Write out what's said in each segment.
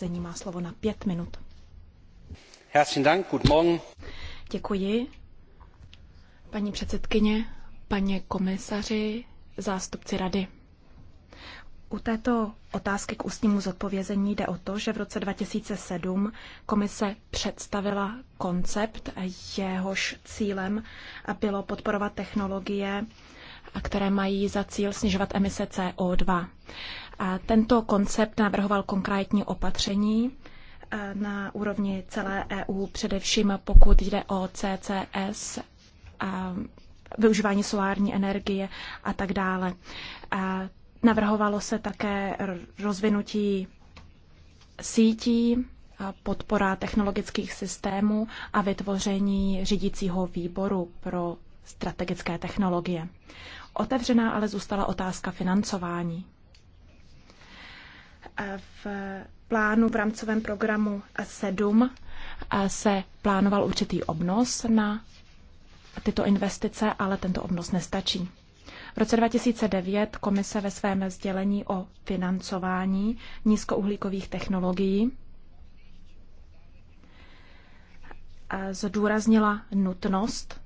Zení má slovo na pět minut. Herzlichen Dank, guten Morgen. Děkuji. Paní předsedkyně, paní komisaři, zástupci rady. U této otázky k ústnímu zodpovězení jde o to, že v roce 2007 komise představila koncept, jehož cílem bylo podporovat technologie, které mají za cíl snižovat emise CO2. Tento koncept navrhoval konkrétní opatření eh, na úrovni celé EU, především pokud jde o CCS, využívání solární energie a tak dále. Navrhovalo se také rozvinutí sítí, podpora technologických systémů a vytvoření řídícího výboru pro strategické technologie. Otevřená ale zůstala otázka financování. Eh, v plánu v rámcovém programu 7 eh, se plánoval určitý obnos na tyto investice, ale tento obnos nestačí. V roce 2009 komise ve svém sdělení o financování nízkouhlíkových technologií eh, zdůraznila nutnost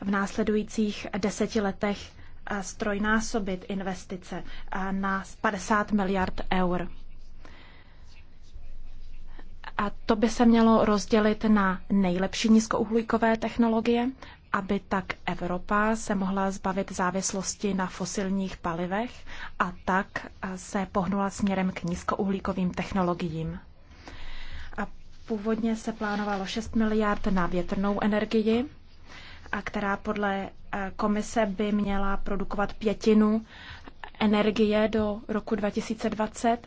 v následujících deseti letech strojnásobit investice na 50 miliard eur. A to by se mělo rozdělit na nejlepší nízkouhlíkové technologie, aby tak Evropa se mohla zbavit závislosti na fosilních palivech a tak se pohnula směrem k nízkouhlíkovým technologiím. A původně se plánovalo 6 miliard na větrnou energii a která podle eh, komise by měla produkovat pětinu energie do roku 2020,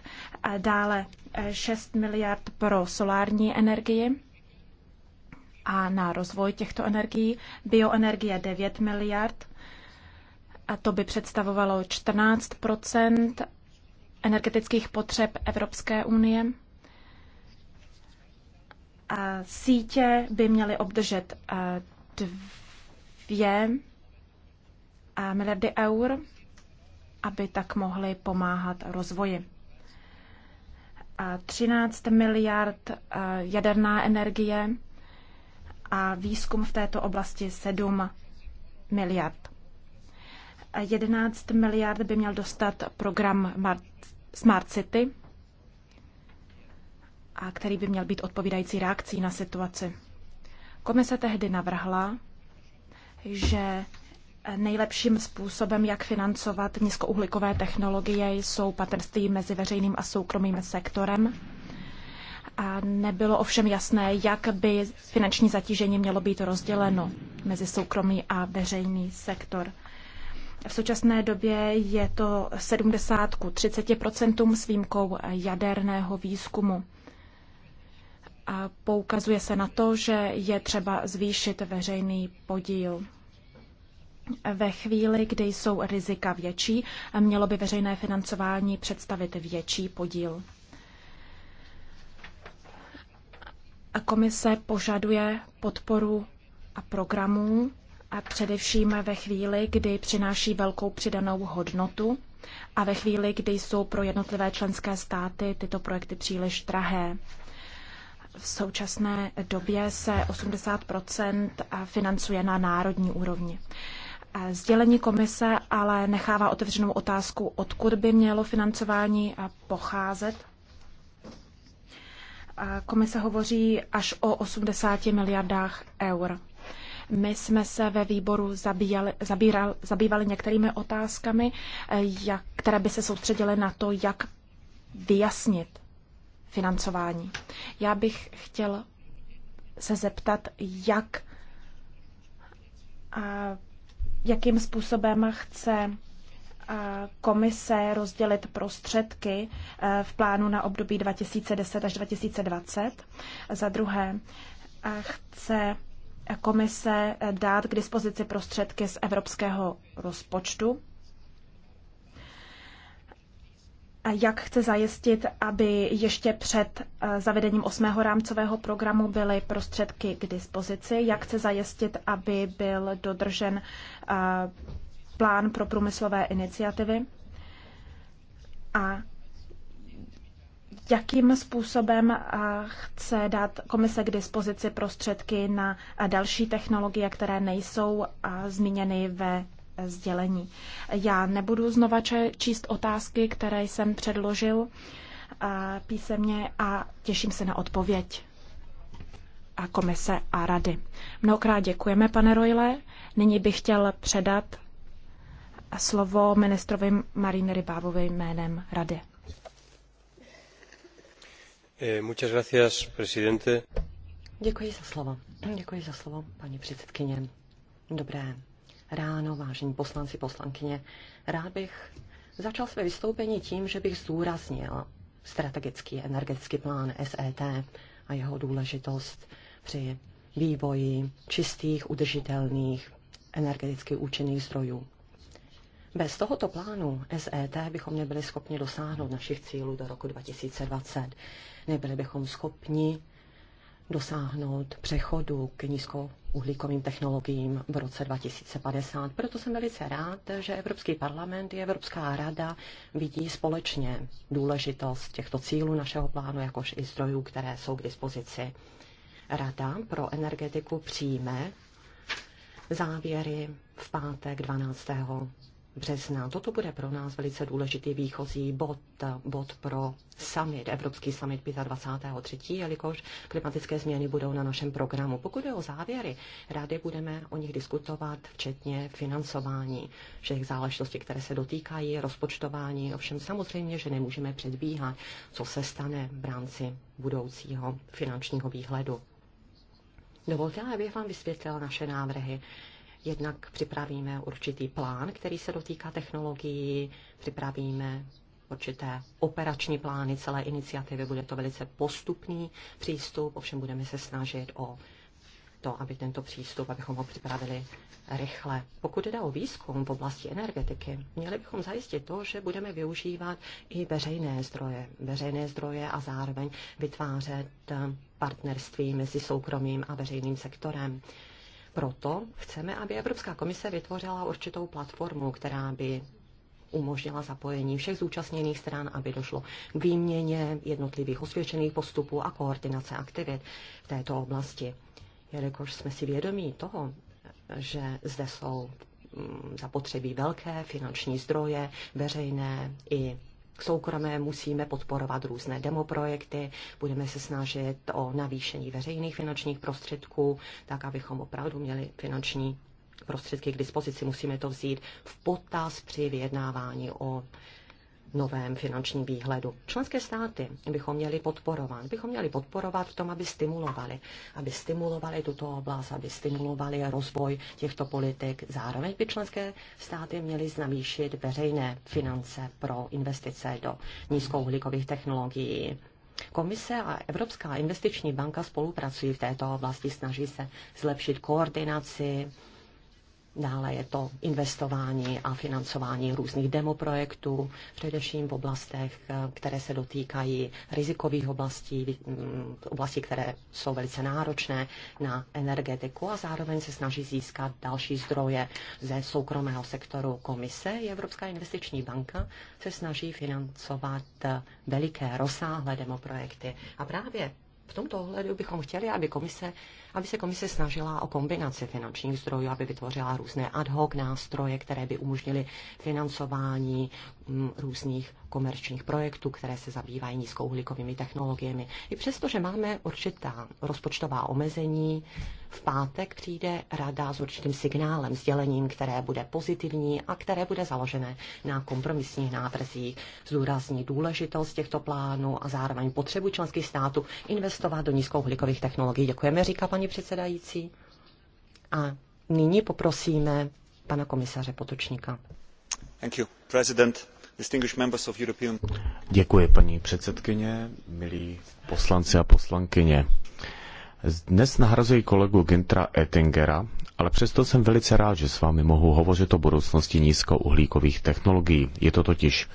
a dále 6 eh, miliard pro solární energii a na rozvoj těchto energií, bioenergie 9 miliard, a to by představovalo 14 energetických potřeb Evropské unie. A sítě by měly obdržet eh, dvě miliardy eur, aby tak mohly pomáhat rozvoji. 13 miliard eh, jaderná energie a výzkum v této oblasti 7 miliard. 11 miliard by měl dostat program Smart City, a který by měl být odpovídající reakcí na situaci. Komise tehdy navrhla, že nejlepším způsobem, jak financovat nízkouhlíkové technologie, jsou partnerství mezi veřejným a soukromým sektorem. A nebylo ovšem jasné, jak by finanční zatížení mělo být rozděleno mezi soukromý a veřejný sektor. V současné době je to 70 k 30 s výjimkou jaderného výzkumu. A poukazuje se na to, že je třeba zvýšit veřejný podíl ve chvíli, kdy jsou rizika větší, mělo by veřejné financování představit větší podíl. A komise požaduje podporu a programů, a především ve chvíli, kdy přináší velkou přidanou hodnotu a ve chvíli, kdy jsou pro jednotlivé členské státy tyto projekty příliš drahé. V současné době se 80 financuje na národní úrovni. Sdělení komise ale nechává otevřenou otázku, odkud by mělo financování pocházet. Komise hovoří až o 80 miliardách eur. My jsme se ve výboru zabíjali, zabíral, zabývali některými otázkami, e, jak, které by se soustředily na to, jak vyjasnit financování. Já bych chtěl se zeptat, jak jakým způsobem chce eh, komise rozdělit prostředky eh, v plánu na období 2010 až 2020. Za druhé, eh, chce komise dát k dispozici prostředky z evropského rozpočtu jak chce zajistit, aby ještě před eh, zavedením osmého rámcového programu byly prostředky k dispozici, jak chce zajistit, aby byl dodržen eh, plán pro průmyslové iniciativy a jakým způsobem eh, chce dát komise k dispozici prostředky na další technologie, které nejsou zmíněny ve sdělení. Já nebudu znova číst otázky, které jsem předložil eh, písemně a těším se na odpověď a komise a rady. Mnohokrát děkujeme, pane Rojle. Nyní bych chtěl předat slovo ministrovi Marine Rybávovi jménem rady. Eh, muchas gracias, presidente. Děkuji za slovo. Děkuji za slovo, paní předsedkyně. Dobré ráno, vážení poslanci, poslankyně. Rád bych začal své vystoupení tím, že bych zúraznil strategický energetický plán SET a jeho důležitost při vývoji čistých, udržitelných, energeticky účinných zdrojů. Bez tohoto plánu SET bychom nebyli schopni dosáhnout našich cílů do roku 2020. Nebyli bychom schopni dosáhnout přechodu k nízkouhlíkovým technologiím v roce 2050. Proto jsem velice rád, že Evropský parlament i Evropská rada vidí společně důležitost těchto cílů našeho plánu, jakož i zdrojů, které jsou k dispozici. Rada pro energetiku přijme závěry v pátek 12 března. Toto bude pro nás velice důležitý výchozí bod, bod pro summit, Evropský summit 23. jelikož klimatické změny budou na našem programu. Pokud je o závěry, rádi budeme o nich diskutovat, včetně financování všech záležitostí, které se dotýkají, rozpočtování. Ovšem samozřejmě, že nemůžeme předbíhat, co se stane v rámci budoucího finančního výhledu. Dovolte, abych vám vysvětlila naše návrhy. Jednak připravíme určitý plán, který se dotýká technologií, připravíme určité operační plány celé iniciativy. Bude to velice postupný přístup, ovšem budeme se snažit o to, aby tento přístup, abychom ho připravili rychle. Pokud jde o výzkum v oblasti energetiky, měli bychom zajistit to, že budeme využívat i veřejné zdroje. Veřejné zdroje a zároveň vytvářet partnerství mezi soukromým a veřejným sektorem proto chceme, aby Evropská komise vytvořila určitou platformu, která by umožnila zapojení všech zúčastněných stran, aby došlo k výměně jednotlivých osvědčených postupů a koordinace aktivit v této oblasti. Jelikož jsme si vědomí toho, že zde jsou mm, zapotřebí velké finanční zdroje, veřejné i soukromé musíme podporovat různé demoprojekty, budeme se snažit o navýšení veřejných finančních prostředků, tak abychom opravdu měli finanční prostředky k dispozici. Musíme to vzít v potaz při vyjednávání o novém finančním výhledu. Členské státy bychom měli podporovat. Bychom měli podporovat v tom, aby stimulovali. Aby stimulovali tuto oblast, aby stimulovali rozvoj těchto politik. Zároveň by členské státy měly znavýšit veřejné finance pro investice do nízkouhlíkových technologií. Komise a Evropská investiční banka spolupracují v této oblasti, snaží se zlepšit koordinaci Dále je to investování a financování různých demoprojektů, především v oblastech, které se dotýkají rizikových oblastí, mm, oblastí, které jsou velice náročné na energetiku a zároveň se snaží získat další zdroje ze soukromého sektoru komise. Evropská investiční banka se snaží financovat veliké, rozsáhlé demoprojekty. A právě v tomto ohledu bychom chtěli, aby komise aby se komise snažila o kombinaci finančních zdrojů, aby vytvořila různé ad hoc nástroje, které by umožnily financování mm, různých komerčních projektů, které se zabývají nízkouhlíkovými technologiemi. I přesto, že máme určitá rozpočtová omezení, v pátek přijde rada s určitým signálem, sdělením, které bude pozitivní a které bude založené na kompromisních návrzích. Zdůrazní důležitost těchto plánů a zároveň potřebu členských států investovat do nízkouhlíkových technologií. Děkujeme, říká paní předsedající. A nyní poprosíme pana komisaře Potočníka. Thank you, President. European... Děkuji, paní předsedkyně, milí poslanci a poslankyně. Dnes nahrazuji kolegu Gintra Ettingera, ale přesto jsem velice rád, že s vámi mohu hovořit o budoucnosti nízkouhlíkových technologií. Je to totiž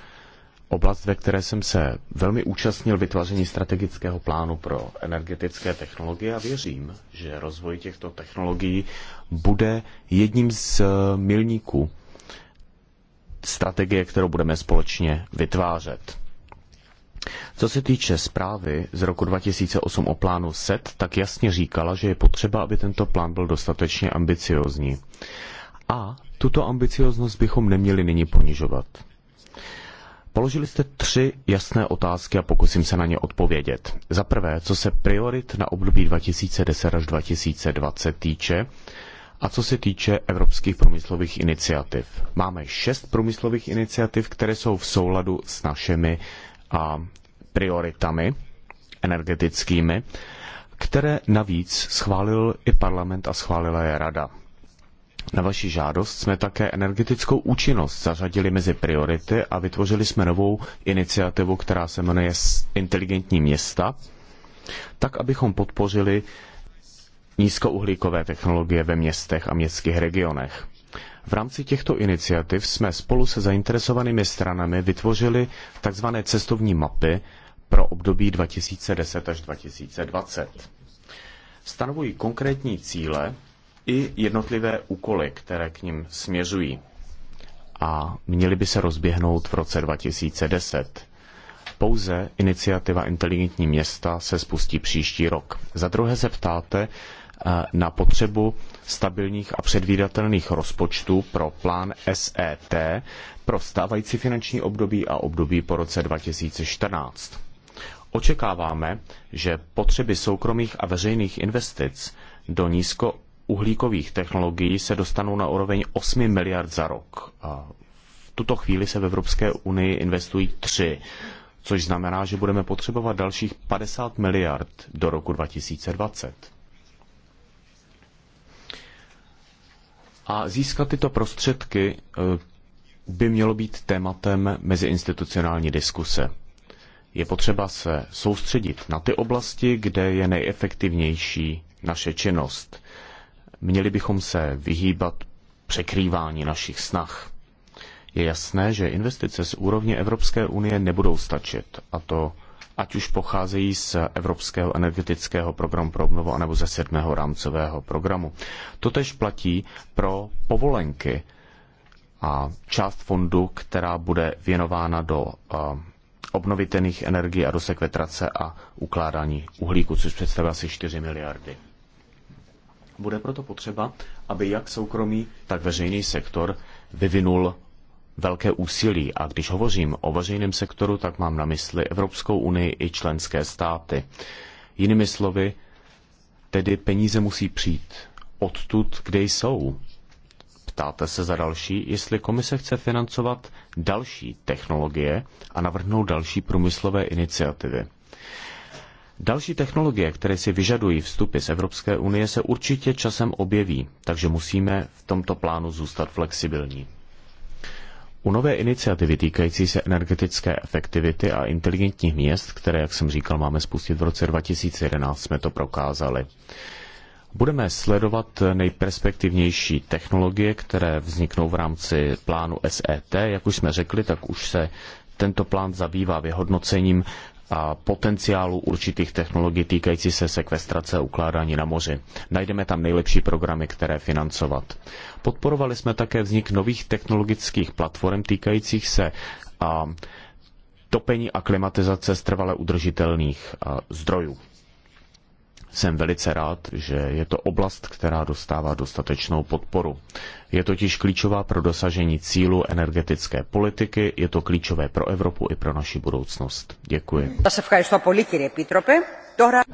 oblast, ve které jsem se velmi účastnil vytváření strategického plánu pro energetické technologie a věřím, že rozvoj těchto technologií bude jedním z eh, milníků strategie, kterou budeme společně vytvářet. Co se týče zprávy z roku 2008 o plánu SET, tak jasně říkala, že je potřeba, aby tento plán byl dostatečně ambiciozní. A tuto ambicioznost bychom neměli nyní ponižovat. Položili jste tři jasné otázky a pokusím se na ně odpovědět. Za prvé, co se priorit na období 2010 až 2020 týče a co se týče evropských průmyslových iniciativ. Máme šest průmyslových iniciativ, které jsou v souladu s našimi a, prioritami energetickými, které navíc schválil i parlament a schválila je rada. Na vaši žádost jsme také energetickou účinnost zařadili mezi priority a vytvořili jsme novou iniciativu, která se jmenuje Inteligentní města, tak abychom podpořili nízkouhlíkové technologie ve městech a městských regionech. V rámci těchto iniciativ jsme spolu se zainteresovanými stranami vytvořili tzv. cestovní mapy pro období 2010 až 2020. Stanovují konkrétní cíle i jednotlivé úkoly, které k ním směřují. A měly by se rozběhnout v roce 2010. Pouze iniciativa Inteligentní města se spustí příští rok. Za druhé se ptáte eh, na potřebu stabilních a předvídatelných rozpočtů pro plán SET pro stávající finanční období a období po roce 2014. Očekáváme, že potřeby soukromých a veřejných investic do nízko uhlíkových technologií se dostanou na úroveň 8 miliard za rok. A v tuto chvíli se v Evropské unii investují 3, což znamená, že budeme potřebovat dalších 50 miliard do roku 2020. A získat tyto prostředky eh, by mělo být tématem meziinstitucionální diskuse. Je potřeba se soustředit na ty oblasti, kde je nejefektivnější naše činnost. Měli bychom se vyhýbat překrývání našich snah. Je jasné, že investice z úrovně Evropské unie nebudou stačit, a to ať už pocházejí z Evropského energetického programu pro obnovu anebo ze sedmého rámcového programu. Totež platí pro povolenky a část fondu, která bude věnována do eh, obnovitelných energií a do sekvetrace a ukládání uhlíku, což představuje asi 4 miliardy. Bude proto potřeba, aby jak soukromý, tak veřejný sektor vyvinul velké úsilí. A když hovořím o veřejném sektoru, tak mám na mysli Evropskou unii i členské státy. Jinými slovy, tedy peníze musí přijít odtud, kde jsou. Ptáte se za další, jestli komise chce financovat další technologie a navrhnout další průmyslové iniciativy. Další technologie, které si vyžadují vstupy z Evropské unie, se určitě časem objeví, takže musíme v tomto plánu zůstat flexibilní. U nové iniciativy týkající se energetické efektivity a inteligentních měst, které, jak jsem říkal, máme spustit v roce 2011, jsme to prokázali. Budeme sledovat nejperspektivnější technologie, které vzniknou v rámci plánu SET. Jak už jsme řekli, tak už se tento plán zabývá vyhodnocením a potenciálu určitých technologií týkající se sekvestrace a ukládání na moři. Najdeme tam nejlepší programy, které financovat. Podporovali jsme také vznik nových technologických platform týkajících se a topení a klimatizace z trvale udržitelných zdrojů. Jsem velice rád, že je to oblast, která dostává dostatečnou podporu. Je totiž klíčová pro dosažení cílu energetické politiky, je to klíčové pro Evropu i pro naši budoucnost. Děkuji.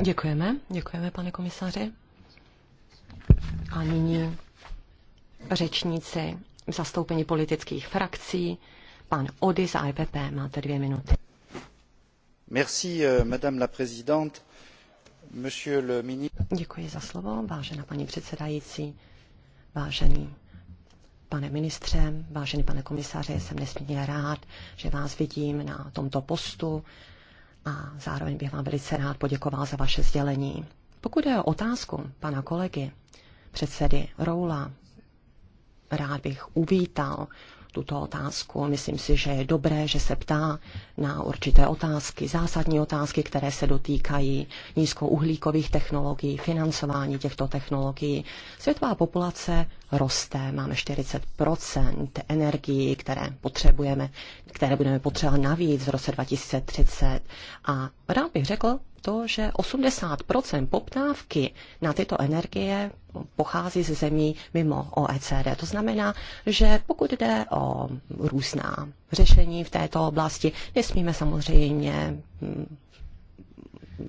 Děkujeme, děkujeme, pane komisaři. A nyní řečníci v zastoupení politických frakcí. Pan Odis, a IPP máte dvě minuty. Merci, euh, madame la présidente Děkuji za slovo, vážená paní předsedající, vážený pane ministře, vážený pane komisaři, jsem nesmírně rád, že vás vidím na tomto postu a zároveň bych vám velice rád poděkoval za vaše sdělení. Pokud je o otázku pana kolegy, předsedy Roula, rád bych uvítal tuto otázku. Myslím si, že je dobré, že se ptá na určité otázky, zásadní otázky, které se dotýkají nízkouhlíkových technologií, financování těchto technologií. Světová populace roste, máme 40 energií, které potřebujeme, které budeme potřebovat navíc v roce 2030. A rád bych řekl, to, že 80 poptávky na tyto energie pochází ze zemí mimo OECD. To znamená, že pokud jde o různá řešení v této oblasti, nesmíme samozřejmě hm,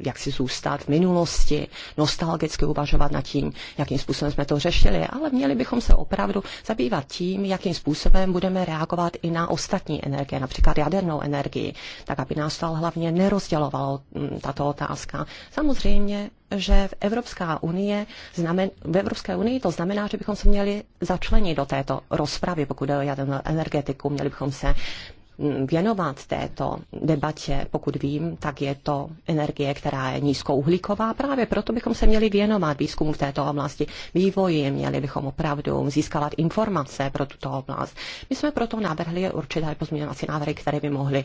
jak si zůstat v minulosti, nostalgicky uvažovat nad tím, jakým způsobem jsme to řešili, ale měli bychom se opravdu zabývat tím, jakým způsobem budeme reagovat i na ostatní energie, například jadernou energii, tak aby nás to hlavně nerozdělovalo mm, tato otázka. Samozřejmě že v Evropská unie znamen, v Evropské unii to znamená, že bychom se měli začlenit do této rozpravy, pokud jde o jadernou energetiku, měli bychom se věnovat této debatě. Pokud vím, tak je to energie, která je nízkouhlíková. Právě proto bychom se měli věnovat výzkumu v této oblasti, vývoji, měli bychom opravdu získávat informace pro tuto oblast. My jsme proto navrhli určité pozměňovací návrhy, které by mohly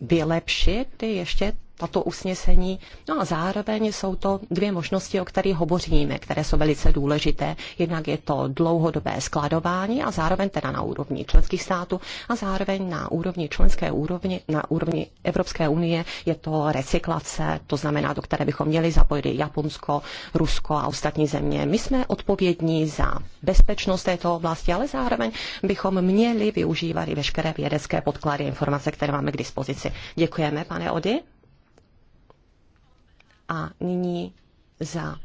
vylepšit ještě tato usnesení. No a zároveň jsou to dvě možnosti, o kterých hovoříme, které jsou velice důležité. Jednak je to dlouhodobé skladování a zároveň teda na úrovni členských států a zároveň na úrovni členské úrovni, na úrovni Evropské unie je to recyklace, to znamená, do které bychom měli zapojit Japonsko, Rusko a ostatní země. My jsme odpovědní za bezpečnost této oblasti, ale zároveň bychom měli využívat i veškeré vědecké podklady informace, které máme k dispozici. Děkujeme, pane Ody. A nyní za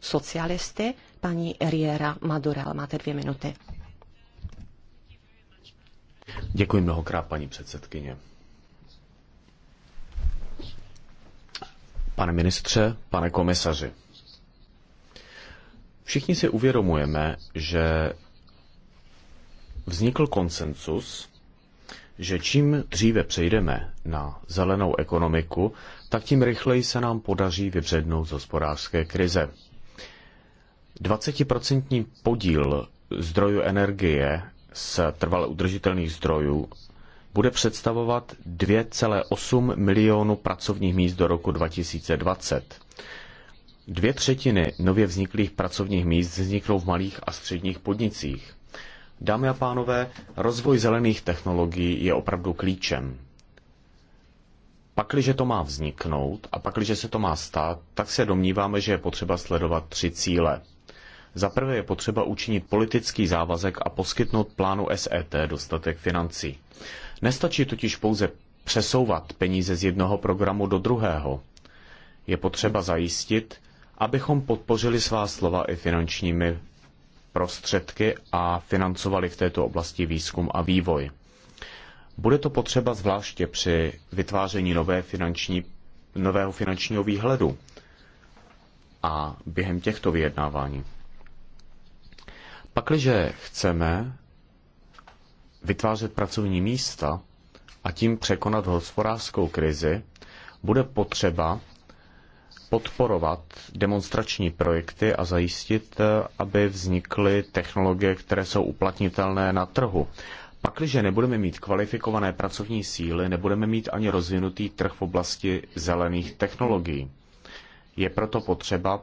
socialisty paní Riera Madurel. Máte dvě minuty. Děkuji mnohokrát, paní předsedkyně. Pane ministře, pane komisaři, všichni si uvědomujeme, že vznikl konsensus, že čím dříve přejdeme na zelenou ekonomiku, tak tím rychleji se nám podaří vybřednout z hospodářské krize. 20% podíl zdrojů energie z trvale udržitelných zdrojů bude představovat 2,8 milionu pracovních míst do roku 2020. Dvě třetiny nově vzniklých pracovních míst vzniknou v malých a středních podnicích. Dámy a pánové, rozvoj zelených technologií je opravdu klíčem. Pakliže to má vzniknout a pakliže se to má stát, tak se domníváme, že je potřeba sledovat tři cíle. Za prvé je potřeba učinit politický závazek a poskytnout plánu SET dostatek financí. Nestačí totiž pouze přesouvat peníze z jednoho programu do druhého. Je potřeba zajistit, abychom podpořili svá slova i finančními prostředky a financovali v této oblasti výzkum a vývoj. Bude to potřeba zvláště při vytváření nové finanční, nového finančního výhledu a během těchto vyjednávání. Pakliže chceme vytvářet pracovní místa a tím překonat hospodářskou krizi, bude potřeba podporovat demonstrační projekty a zajistit, eh, aby vznikly technologie, které jsou uplatnitelné na trhu. Pakliže nebudeme mít kvalifikované pracovní síly, nebudeme mít ani rozvinutý trh v oblasti zelených technologií. Je proto potřeba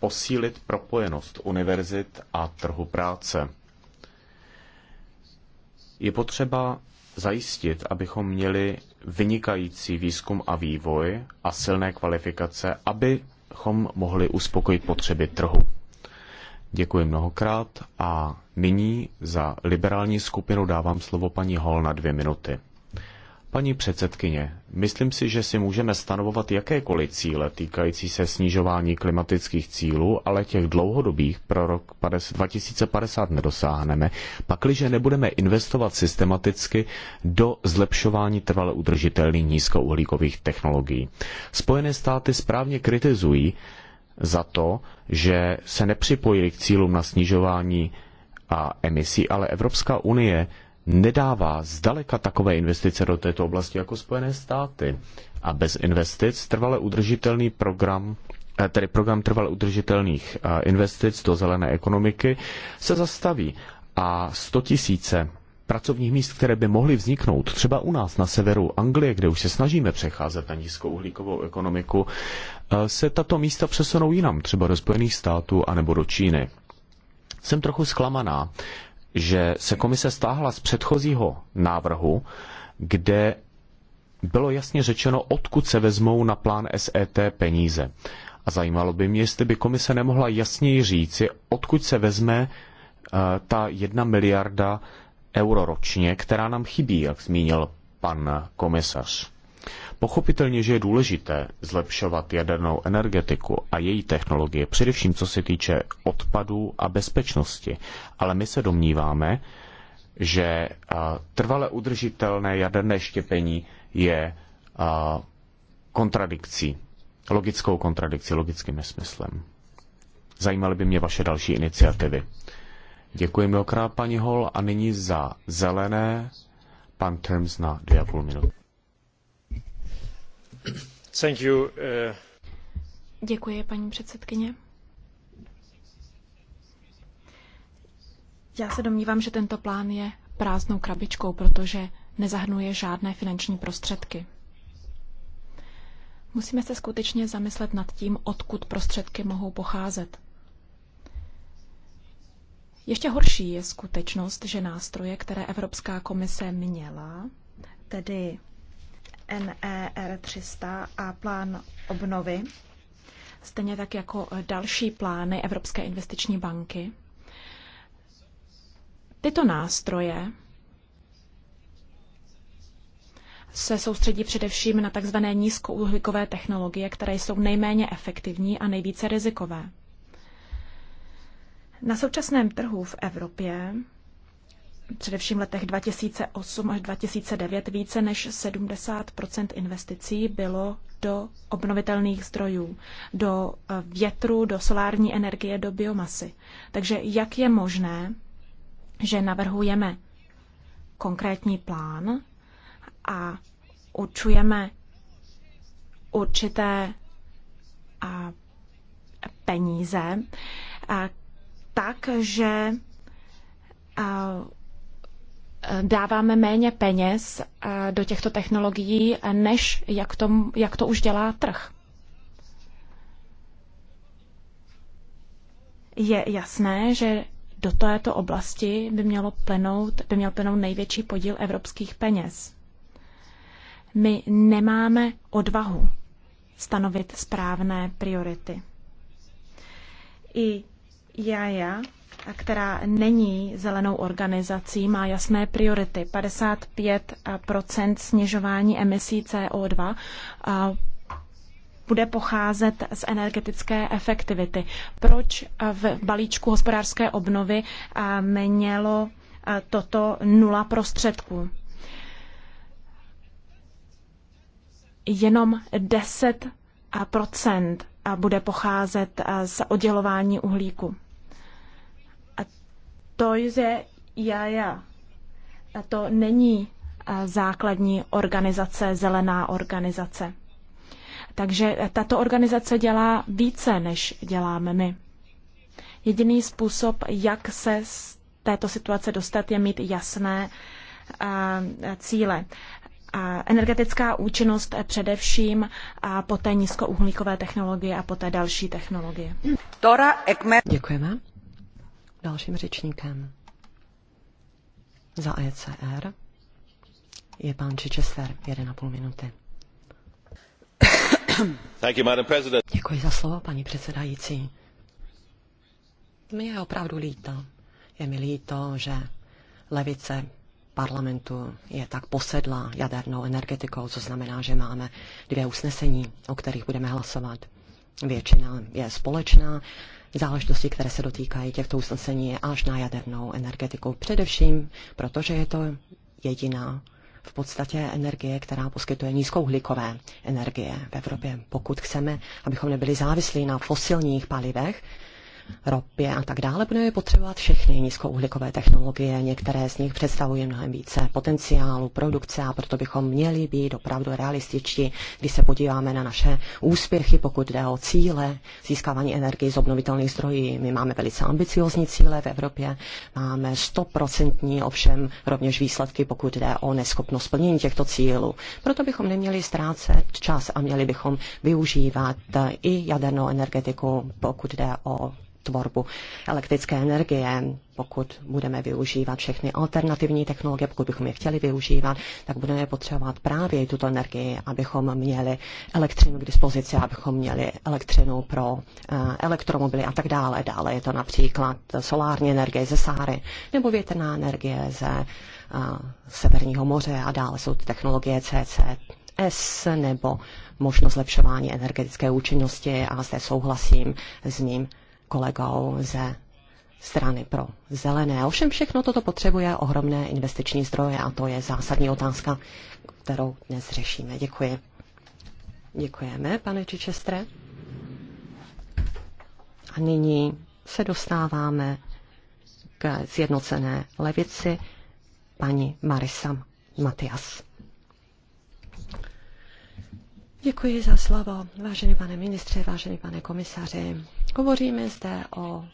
posílit propojenost univerzit a trhu práce. Je potřeba zajistit, abychom měli vynikající výzkum a vývoj a silné kvalifikace, abychom mohli uspokojit potřeby trhu. Děkuji mnohokrát a nyní za liberální skupinu dávám slovo paní Hol na dvě minuty. Paní předsedkyně, myslím si, že si můžeme stanovovat jakékoliv cíle týkající se snižování klimatických cílů, ale těch dlouhodobých pro rok 2050 nedosáhneme, pakliže nebudeme investovat systematicky do zlepšování trvale udržitelných nízkouhlíkových technologií. Spojené státy správně kritizují, za to, že se nepřipojili k cílům na snižování a emisí, ale Evropská unie nedává zdaleka takové investice do této oblasti jako Spojené státy. A bez investic trvale udržitelný program eh, tedy program trvale udržitelných eh, investic do zelené ekonomiky, se zastaví a 100 tisíce pracovních míst, které by mohly vzniknout, třeba u nás na severu Anglie, kde už se snažíme přecházet na nízkouhlíkovou ekonomiku, eh, se tato místa přesunou jinam, třeba do Spojených států anebo do Číny. Jsem trochu zklamaná, že se komise stáhla z předchozího návrhu, kde bylo jasně řečeno, odkud se vezmou na plán SET peníze. A zajímalo by mě, jestli by komise nemohla jasněji říci, odkud se vezme eh, ta jedna miliarda euro ročně, která nám chybí, jak zmínil pan komisař. Pochopitelně, že je důležité zlepšovat jadernou energetiku a její technologie, především co se týče odpadů a bezpečnosti. Ale my se domníváme, že trvale udržitelné jaderné štěpení je kontradikcí, logickou kontradikcí, logickým nesmyslem. Zajímaly by mě vaše další iniciativy. Děkuji mnohokrát, paní Hol, a nyní za zelené pan Terms na dvě a půl minut. Thank you, uh... Děkuji, paní předsedkyně. Já se domnívám, že tento plán je prázdnou krabičkou, protože nezahrnuje žádné finanční prostředky. Musíme se skutečně zamyslet nad tím, odkud prostředky mohou pocházet. Ještě horší je skutečnost, že nástroje, které Evropská komise měla, tedy NER 300 a plán obnovy, stejně tak jako další plány Evropské investiční banky, tyto nástroje se soustředí především na tzv. nízkouhlíkové technologie, které jsou nejméně efektivní a nejvíce rizikové. Na současném trhu v Evropě, především v letech 2008 až 2009, více než 70 investicí bylo do obnovitelných zdrojů, do eh, větru, do solární energie, do biomasy. Takže jak je možné, že navrhujeme konkrétní plán a určujeme určité peníze, tak, že dáváme méně peněz do těchto technologií, než jak to, jak to už dělá trh. Je jasné, že do této oblasti by, mělo plenout, by měl plenout největší podíl evropských peněz. My nemáme odvahu stanovit správné priority. I Jaja, která není zelenou organizací, má jasné priority. 55 snižování emisí CO2 bude pocházet z energetické efektivity. Proč v balíčku hospodářské obnovy mělo toto nula prostředků? Jenom 10 bude pocházet z oddělování uhlíku. To je já A To není základní organizace, zelená organizace. Takže tato organizace dělá více, než děláme my. Jediný způsob, jak se z této situace dostat, je mít jasné cíle. energetická účinnost především a poté nízkouhlíkové technologie a poté další technologie. Děkujeme. Dalším řečníkem za ECR je pan Chichester, 1,5 minuty. Thank you, Madam President. Děkuji za slovo, paní předsedající. Mně je opravdu líto. Je mi líto, že levice parlamentu je tak posedla jadernou energetikou, co znamená, že máme dvě usnesení, o kterých budeme hlasovat. Většina je společná, záležitosti, které se dotýkají těchto usnesení až na jadernou energetiku. Především, protože je to jediná v podstatě energie, která poskytuje nízkouhlíkové energie v Evropě. Pokud chceme, abychom nebyli závislí na fosilních palivech, ropě a tak dále, budeme potřebovat všechny nízkouhlíkové technologie. Některé z nich představují mnohem více potenciálu produkce a proto bychom měli být opravdu realističtí, když se podíváme na naše úspěchy, pokud jde o cíle získávání energie z obnovitelných zdrojů. My máme velice ambiciozní cíle v Evropě, máme stoprocentní ovšem rovněž výsledky, pokud jde o neschopnost plnění těchto cílů. Proto bychom neměli ztrácet čas a měli bychom využívat i jadernou energetiku, pokud jde o tvorbu elektrické energie. Pokud budeme využívat všechny alternativní technologie, pokud bychom je chtěli využívat, tak budeme potřebovat právě tuto energii, abychom měli elektřinu k dispozici, abychom měli elektřinu pro eh, elektromobily a tak dále. Dále je to například solární energie ze Sáry nebo větrná energie ze eh, Severního moře a dále jsou ty technologie CCS nebo možnost zlepšování energetické účinnosti a zde souhlasím s ním kolegou ze strany pro zelené. Ovšem všechno toto potřebuje ohromné investiční zdroje a to je zásadní otázka, kterou dnes řešíme. Děkuji. Děkujeme, pane Čičestre. A nyní se dostáváme k zjednocené levici paní Marisa Matias. Děkuji za slovo, vážený pane ministře, vážený pane komisaři. Hovoříme zde o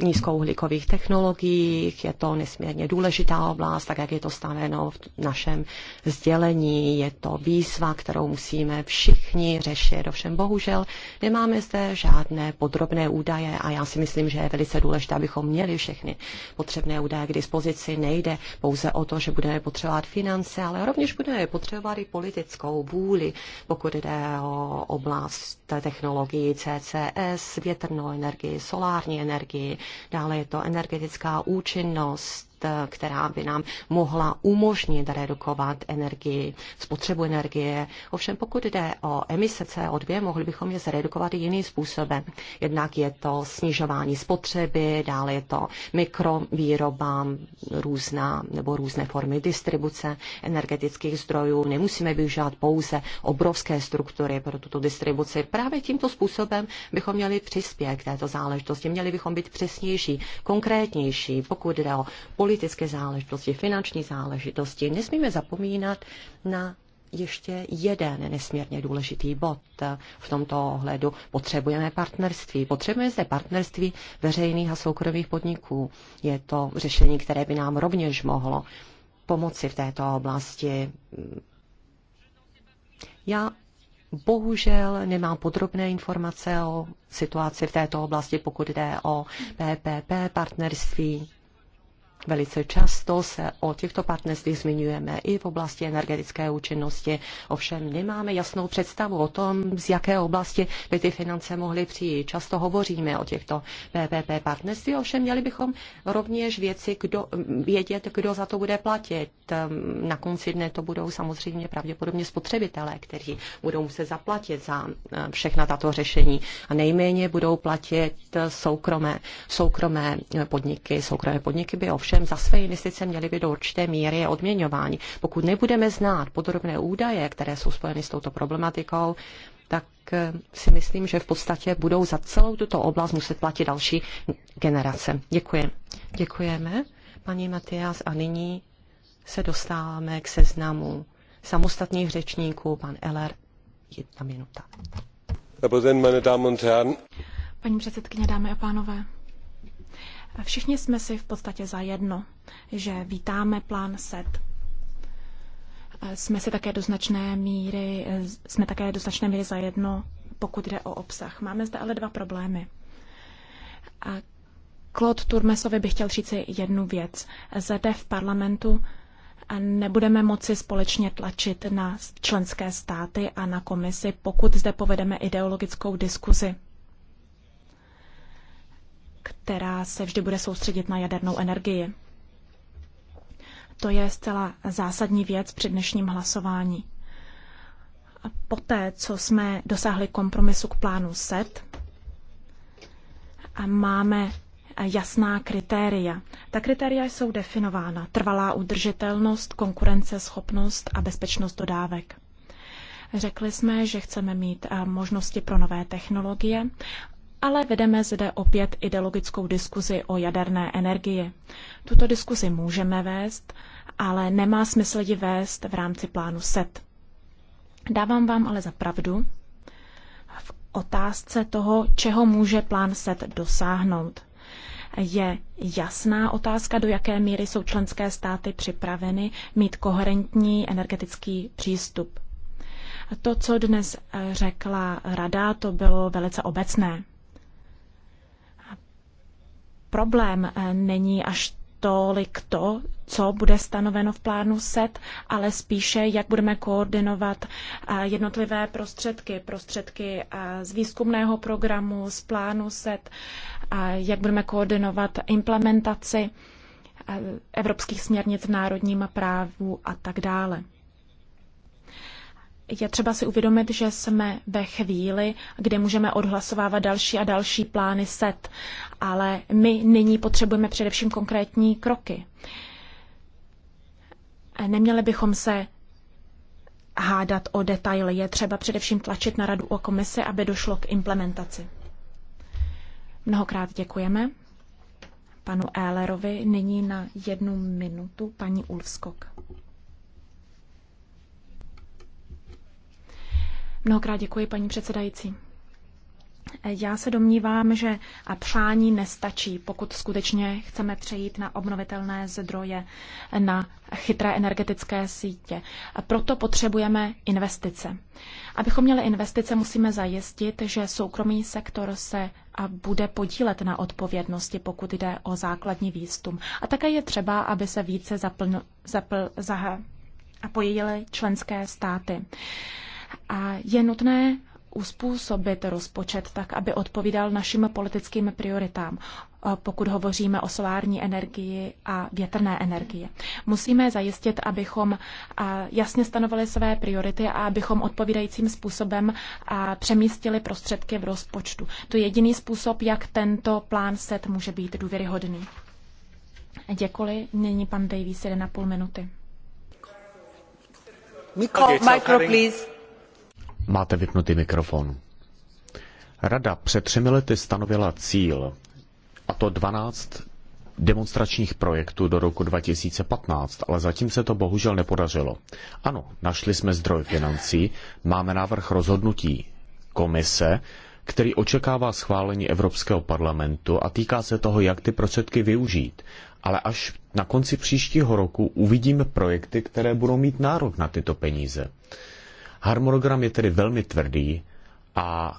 nízkouhlíkových technologiích, je to nesmírně důležitá oblast, tak jak je to staveno v našem sdělení, je to výzva, kterou musíme všichni řešit. Ovšem bohužel nemáme zde žádné podrobné údaje a já si myslím, že je velice důležité, abychom měli všechny potřebné údaje k dispozici. Nejde pouze o to, že budeme potřebovat finance, ale rovněž budeme potřebovat i politickou vůli, pokud jde o oblast technologií CCS, větrnou energii, solární energii, Dále je to energetická účinnost, Eh, která by nám mohla umožnit redukovat energii, spotřebu energie. Ovšem pokud jde o emise CO2, mohli bychom je zredukovat i jiným způsobem. Jednak je to snižování spotřeby, dále je to mikrovýroba, různá nebo různé formy distribuce energetických zdrojů. Nemusíme využívat pouze obrovské struktury pro tuto distribuci. Právě tímto způsobem bychom měli přispět k této záležitosti. Měli bychom být přesnější, konkrétnější, pokud jde o politi- politické záležitosti, finanční záležitosti, nesmíme zapomínat na ještě jeden nesmírně důležitý bod v tomto ohledu. Potřebujeme partnerství. Potřebujeme zde partnerství veřejných a soukromých podniků. Je to řešení, které by nám rovněž mohlo pomoci v této oblasti. Já bohužel nemám podrobné informace o situaci v této oblasti, pokud jde o PPP partnerství. Velice často se o těchto partnerstvích zmiňujeme i v oblasti energetické účinnosti, ovšem nemáme jasnou představu o tom, z jaké oblasti by ty finance mohly přijít. Často hovoříme o těchto PPP partnerství, ovšem měli bychom rovněž věci kdo, vědět, kdo za to bude platit. Ehm, na konci dne to budou samozřejmě pravděpodobně spotřebitelé, kteří budou muset zaplatit za ehm, všechna tato řešení a nejméně budou platit soukromé, soukromé podniky. Soukromé podniky by ovšem ovšem za své investice měli by do určité míry odměňování. Pokud nebudeme znát podrobné údaje, které jsou spojeny s touto problematikou, tak eh, si myslím, že v podstatě budou za celou tuto oblast muset platit další generace. Děkuji. Děkujeme, paní Matias, a nyní se dostáváme k seznamu samostatných řečníků, pan Eller, jedna minuta. Paní předsedkyně, dámy a pánové, Všichni jsme si v podstatě za jedno, že vítáme plán SET. E, jsme si také do značné míry, e, jsme také do značné míry za jedno, pokud jde o obsah. Máme zde ale dva problémy. A Claude Turmesovi bych chtěl říct jednu věc. Zde v parlamentu a e, nebudeme moci společně tlačit na členské státy a na komisi, pokud zde povedeme ideologickou diskuzi která se vždy bude soustředit na jadernou energii. To je zcela zásadní věc při dnešním hlasování. A poté, co jsme dosáhli kompromisu k plánu SET, a máme jasná kritéria. Ta kritéria jsou definována. Trvalá udržitelnost, konkurenceschopnost a bezpečnost dodávek. Řekli jsme, že chceme mít eh, možnosti pro nové technologie ale vedeme zde opět ideologickou diskuzi o jaderné energii. Tuto diskuzi můžeme vést, ale nemá smysl ji vést v rámci plánu SET. Dávám vám ale za pravdu v otázce toho, čeho může plán SET dosáhnout. Je jasná otázka, do jaké míry jsou členské státy připraveny mít koherentní energetický přístup. To, co dnes řekla rada, to bylo velice obecné problém eh, není až tolik to, co bude stanoveno v plánu SET, ale spíše, jak budeme koordinovat eh, jednotlivé prostředky, prostředky eh, z výzkumného programu, z plánu SET, jak budeme koordinovat implementaci evropských směrnic v národním právu a tak dále. Je třeba si uvědomit, že jsme ve chvíli, kdy můžeme odhlasovávat další a další plány set ale my nyní potřebujeme především konkrétní kroky. Neměli bychom se hádat o detaily. Je třeba především tlačit na radu o komisi, aby došlo k implementaci. Mnohokrát děkujeme panu Ehlerovi. Nyní na jednu minutu paní Ulfskok. Mnohokrát děkuji, paní předsedající. Já se domnívám, že a přání nestačí, pokud skutečně chceme přejít na obnovitelné zdroje, na chytré energetické sítě. A proto potřebujeme investice. Abychom měli investice, musíme zajistit, že soukromý sektor se a bude podílet na odpovědnosti, pokud jde o základní výstup. A také je třeba, aby se více zaplno, zapl, zaha, a pojily členské státy. A je nutné uspůsobit rozpočet tak, aby odpovídal našim politickým prioritám, eh, pokud hovoříme o solární energii a větrné energii. Musíme zajistit, abychom eh, jasně stanovili své priority a abychom odpovídajícím způsobem eh, přemístili prostředky v rozpočtu. To je jediný způsob, jak tento plán set může být důvěryhodný. Děkuji. Nyní pan Davies, 1,5 minuty. Mikro, mikro, please. Máte vypnutý mikrofon. Rada před třemi lety stanovila cíl, a to 12 demonstračních projektů do roku 2015, ale zatím se to bohužel nepodařilo. Ano, našli jsme zdroj financí, máme návrh rozhodnutí komise, který očekává schválení Evropského parlamentu a týká se toho, jak ty prostředky využít. Ale až na konci příštího roku uvidíme projekty, které budou mít nárok na tyto peníze. Harmonogram je tedy velmi tvrdý a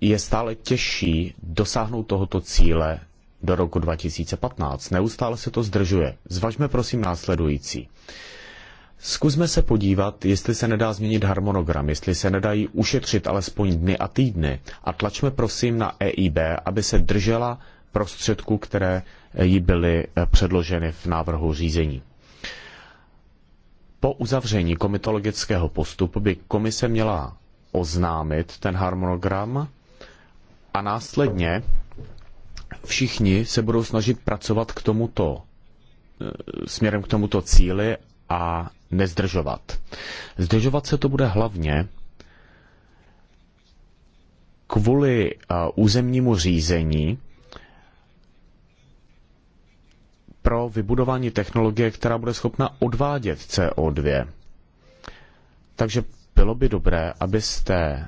je stále těžší dosáhnout tohoto cíle do roku 2015. Neustále se to zdržuje. Zvažme prosím následující. Zkusme se podívat, jestli se nedá změnit harmonogram, jestli se nedají ušetřit alespoň dny a týdny a tlačme prosím na EIB, aby se držela prostředků, které jí byly eh, předloženy v návrhu řízení. Po uzavření komitologického postupu by komise měla oznámit ten harmonogram a následně všichni se budou snažit pracovat k tomuto, eh, směrem k tomuto cíli a nezdržovat. Zdržovat se to bude hlavně kvůli eh, územnímu řízení, pro vybudování technologie, která bude schopna odvádět CO2. Takže bylo by dobré, abyste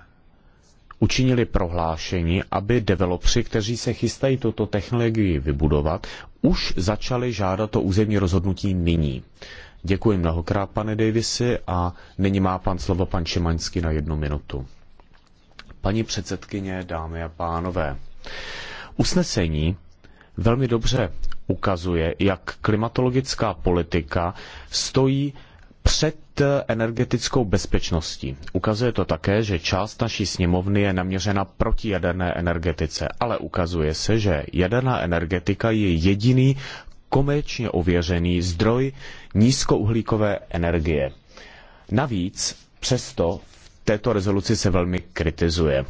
učinili prohlášení, aby developři, kteří se chystají tuto technologii vybudovat, už začali žádat to územní rozhodnutí nyní. Děkuji mnohokrát, pane Davisy, a nyní má pan slovo pan Šimaňský na jednu minutu. Paní předsedkyně, dámy a pánové, usnesení, velmi dobře ukazuje, jak klimatologická politika stojí před energetickou bezpečností. Ukazuje to také, že část naší sněmovny je naměřena proti jaderné energetice, ale ukazuje se, že jaderná energetika je jediný komerčně ověřený zdroj nízkouhlíkové energie. Navíc přesto v této rezoluci se velmi kritizuje.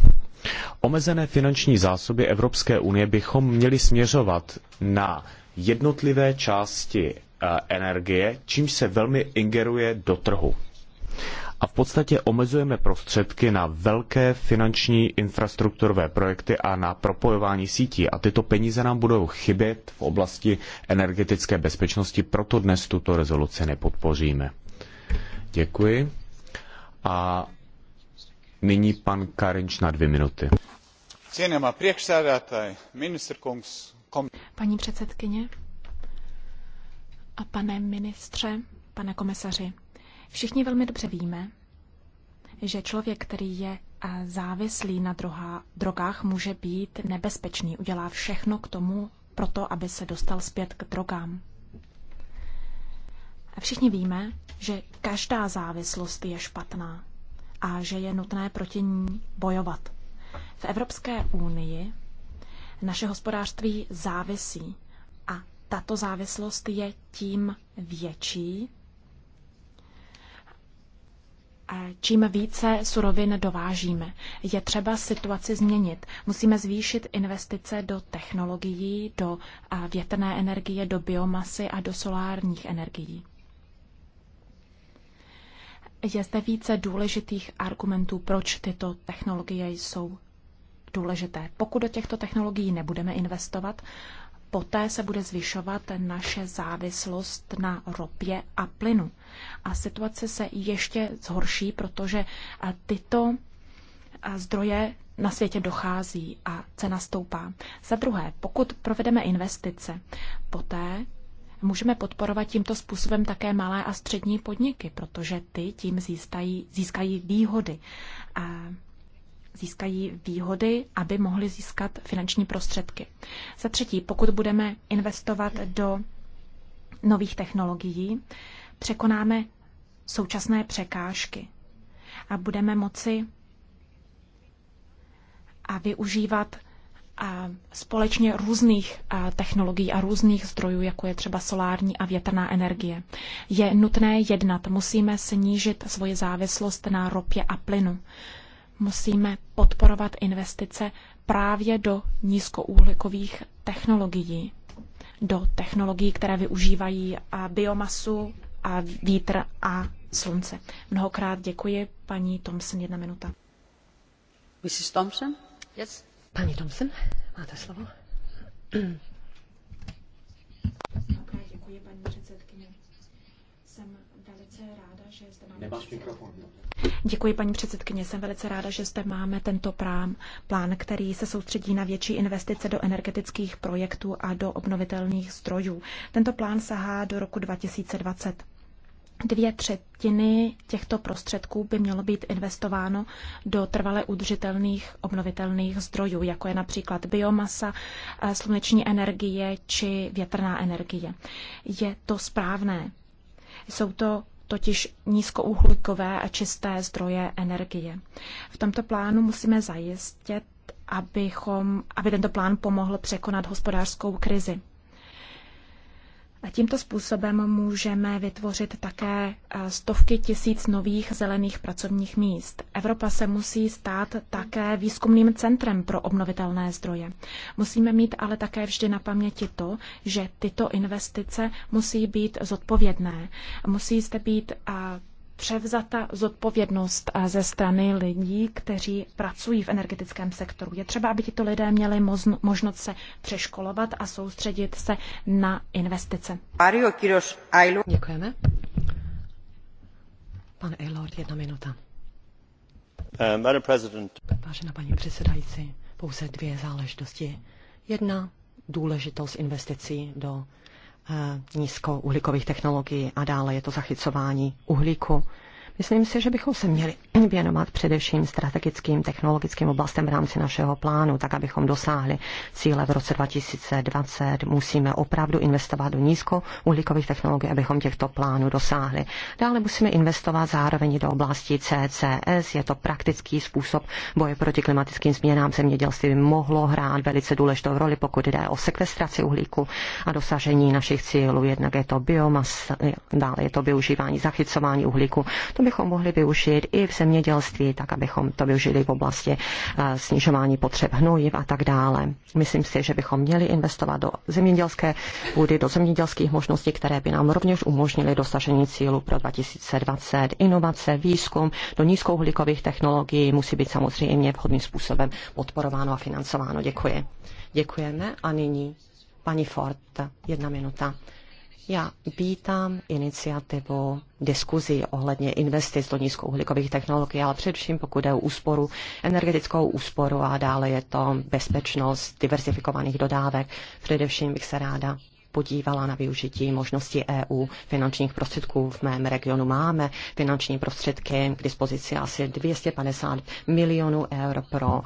Omezené finanční zásoby Evropské unie bychom měli směřovat na jednotlivé části eh, energie, čímž se velmi ingeruje do trhu. A v podstatě omezujeme prostředky na velké finanční infrastrukturové projekty a na propojování sítí. A tyto peníze nám budou chybět v oblasti energetické bezpečnosti, proto dnes tuto rezoluci nepodpoříme. Děkuji. A Nyní pan Karinč na dvě minuty. Paní předsedkyně a pane ministře, pane komisaři, všichni velmi dobře víme, že člověk, který je eh, závislý na droha, drogách, může být nebezpečný. Udělá všechno k tomu, proto aby se dostal zpět k drogám. A všichni víme, že každá závislost je špatná a že je nutné proti ní bojovat. V Evropské unii naše hospodářství závisí a tato závislost je tím větší, čím více surovin dovážíme. Je třeba situaci změnit. Musíme zvýšit investice do technologií, do větrné energie, do biomasy a do solárních energií je zde více důležitých argumentů, proč tyto technologie jsou důležité. Pokud do těchto technologií nebudeme investovat, poté se bude zvyšovat naše závislost na ropě a plynu. A situace se ještě zhorší, protože tyto zdroje na světě dochází a cena stoupá. Za druhé, pokud provedeme investice, poté Můžeme podporovat tímto způsobem také malé a střední podniky, protože ty tím získají, získají výhody. A získají výhody, aby mohli získat finanční prostředky. Za třetí, pokud budeme investovat do nových technologií, překonáme současné překážky a budeme moci a využívat společně různých technologií a různých zdrojů, jako je třeba solární a větrná energie. Je nutné jednat, musíme snížit svoji závislost na ropě a plynu. Musíme podporovat investice právě do nízkouhlíkových technologií, do technologií, které využívají a biomasu, a vítr a slunce. Mnohokrát děkuji, paní Thompson, jedna minuta. Mrs. Thompson? Yes. Paní Thompson, máte slovo. Děkuji, paní předsedkyně. Jsem velice ráda, že zde máme... Nemáš mikrofon. No. Děkuji, paní předsedkyně. Jsem velice ráda, že zde máme tento prám, plán, který se soustředí na větší investice do energetických projektů a do obnovitelných zdrojů. Tento plán sahá do roku 2020. Dvě třetiny těchto prostředků by mělo být investováno do trvale udržitelných obnovitelných zdrojů, jako je například biomasa, eh, sluneční energie či větrná energie. Je to správné. Jsou to totiž nízkouhlíkové a čisté zdroje energie. V tomto plánu musíme zajistit, abychom, aby tento plán pomohl překonat hospodářskou krizi. A tímto způsobem můžeme vytvořit také eh, stovky tisíc nových zelených pracovních míst. Evropa se musí stát také výzkumným centrem pro obnovitelné zdroje. Musíme mít ale také vždy na paměti to, že tyto investice musí být zodpovědné. Musí zde být eh, převzata zodpovědnost eh, ze strany lidí, kteří pracují v energetickém sektoru. Je třeba, aby tito lidé měli možnost se přeškolovat a soustředit se na investice. Děkujeme. Pan Aylord, jedna minuta. Uh, Vážená paní předsedající, pouze dvě záležitosti. Jedna, důležitost investicí do Eh, nízkouhlíkových technologií a dále je to zachycování uhlíku. Myslím si, že bychom se měli věnovat především strategickým technologickým oblastem v rámci našeho plánu, tak abychom dosáhli cíle v roce 2020. Musíme opravdu investovat do nízkouhlíkových technologií, abychom těchto plánů dosáhli. Dále musíme investovat zároveň do oblasti CCS. Je to praktický způsob boje proti klimatickým změnám. Zemědělství by mohlo hrát velice důležitou roli, pokud jde o sekvestraci uhlíku a dosažení našich cílů. Jednak je to biomasa, dále je to využívání, zachycování uhlíku. To bychom mohli využít i v zemědělství, tak abychom to využili v oblasti eh, snižování potřeb hnojiv a tak dále. Myslím si, že bychom měli investovat do zemědělské půdy, do zemědělských možností, které by nám rovněž umožnily dosažení cílu pro 2020. Inovace, výzkum do nízkouhlíkových technologií musí být samozřejmě vhodným způsobem podporováno a financováno. Děkuji. Děkujeme a nyní paní Ford, jedna minuta. Já vítám iniciativu diskuzí ohledně investic do nízkouhlíkových technologií, ale především pokud je o úsporu, energetickou úsporu a dále je to bezpečnost diversifikovaných dodávek. Především bych se ráda podívala na využití možnosti EU finančních prostředků. V mém regionu máme finanční prostředky k dispozici asi 250 milionů eur pro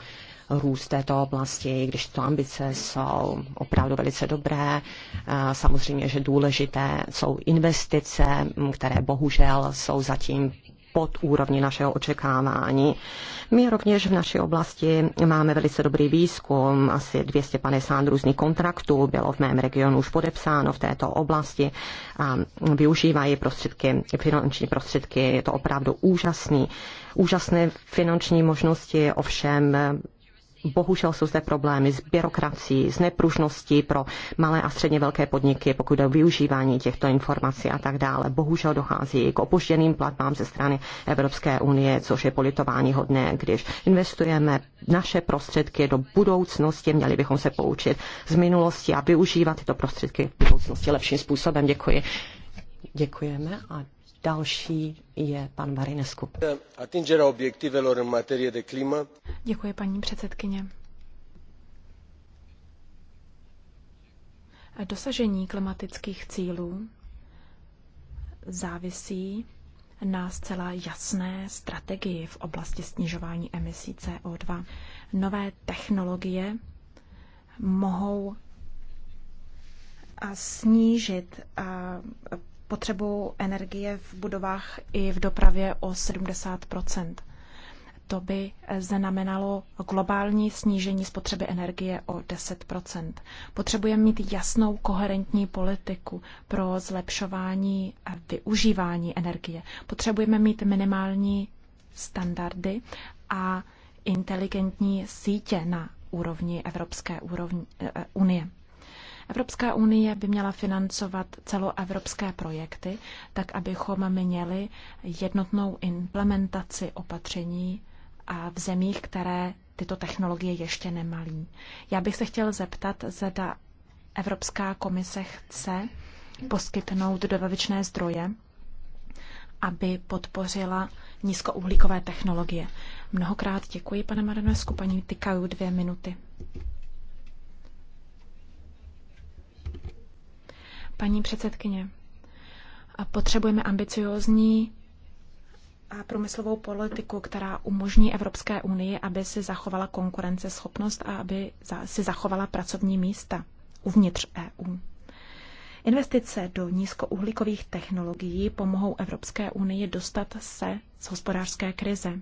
růst této oblasti, když to ambice jsou opravdu velice dobré. Samozřejmě, že důležité jsou investice, které bohužel jsou zatím pod úrovni našeho očekávání. My rovněž v naší oblasti máme velice dobrý výzkum, asi 250 různých kontraktů bylo v mém regionu už podepsáno v této oblasti a využívají prostředky, finanční prostředky, je to opravdu úžasný, úžasné finanční možnosti, ovšem bohužel jsou zde problémy s byrokracií, s nepružností pro malé a středně velké podniky, pokud jde o využívání těchto informací a tak dále. Bohužel dochází k opožděným platbám ze strany Evropské unie, což je politování hodné, když investujeme naše prostředky do budoucnosti, měli bychom se poučit z minulosti a využívat tyto prostředky v budoucnosti lepším způsobem. Děkuji. Děkujeme a Další je pan Marinescu. de Děkuji, paní předsedkyně. Dosažení klimatických cílů závisí na zcela jasné strategii v oblasti snižování emisí CO2. Nové technologie mohou snížit a potřebu energie v budovách i v dopravě o 70 To by znamenalo globální snížení spotřeby energie o 10 Potřebujeme mít jasnou koherentní politiku pro zlepšování a využívání energie. Potřebujeme mít minimální standardy a inteligentní sítě na úrovni Evropské úrovni, eh, unie. Evropská unie by měla financovat celoevropské projekty, tak abychom měli jednotnou implementaci opatření a v zemích, které tyto technologie ještě nemalí. Já bych se chtěl zeptat, zda Evropská komise chce poskytnout dodavečné zdroje, aby podpořila nízkouhlíkové technologie. Mnohokrát děkuji, pane Maranesku, paní Tykaju dvě minuty. Paní předsedkyně, a potřebujeme ambiciózní a průmyslovou politiku, která umožní Evropské unii, aby si zachovala konkurenceschopnost a aby si zachovala pracovní místa uvnitř EU. Investice do nízkouhlíkových technologií pomohou Evropské unii dostat se z hospodářské krize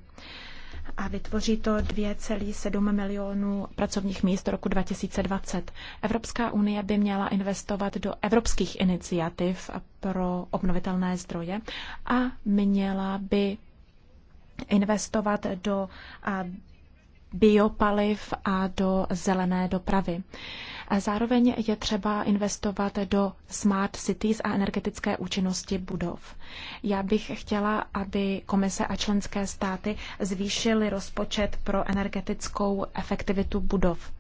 a vytvoří to 2,7 milionů pracovních míst do roku 2020. Evropská unie by měla investovat do evropských iniciativ pro obnovitelné zdroje a měla by investovat do biopaliv a do zelené dopravy. A Zároveň je třeba investovat do smart cities a energetické účinnosti budov. Já bych chtěla, aby komise a členské státy zvýšily rozpočet pro energetickou efektivitu budov.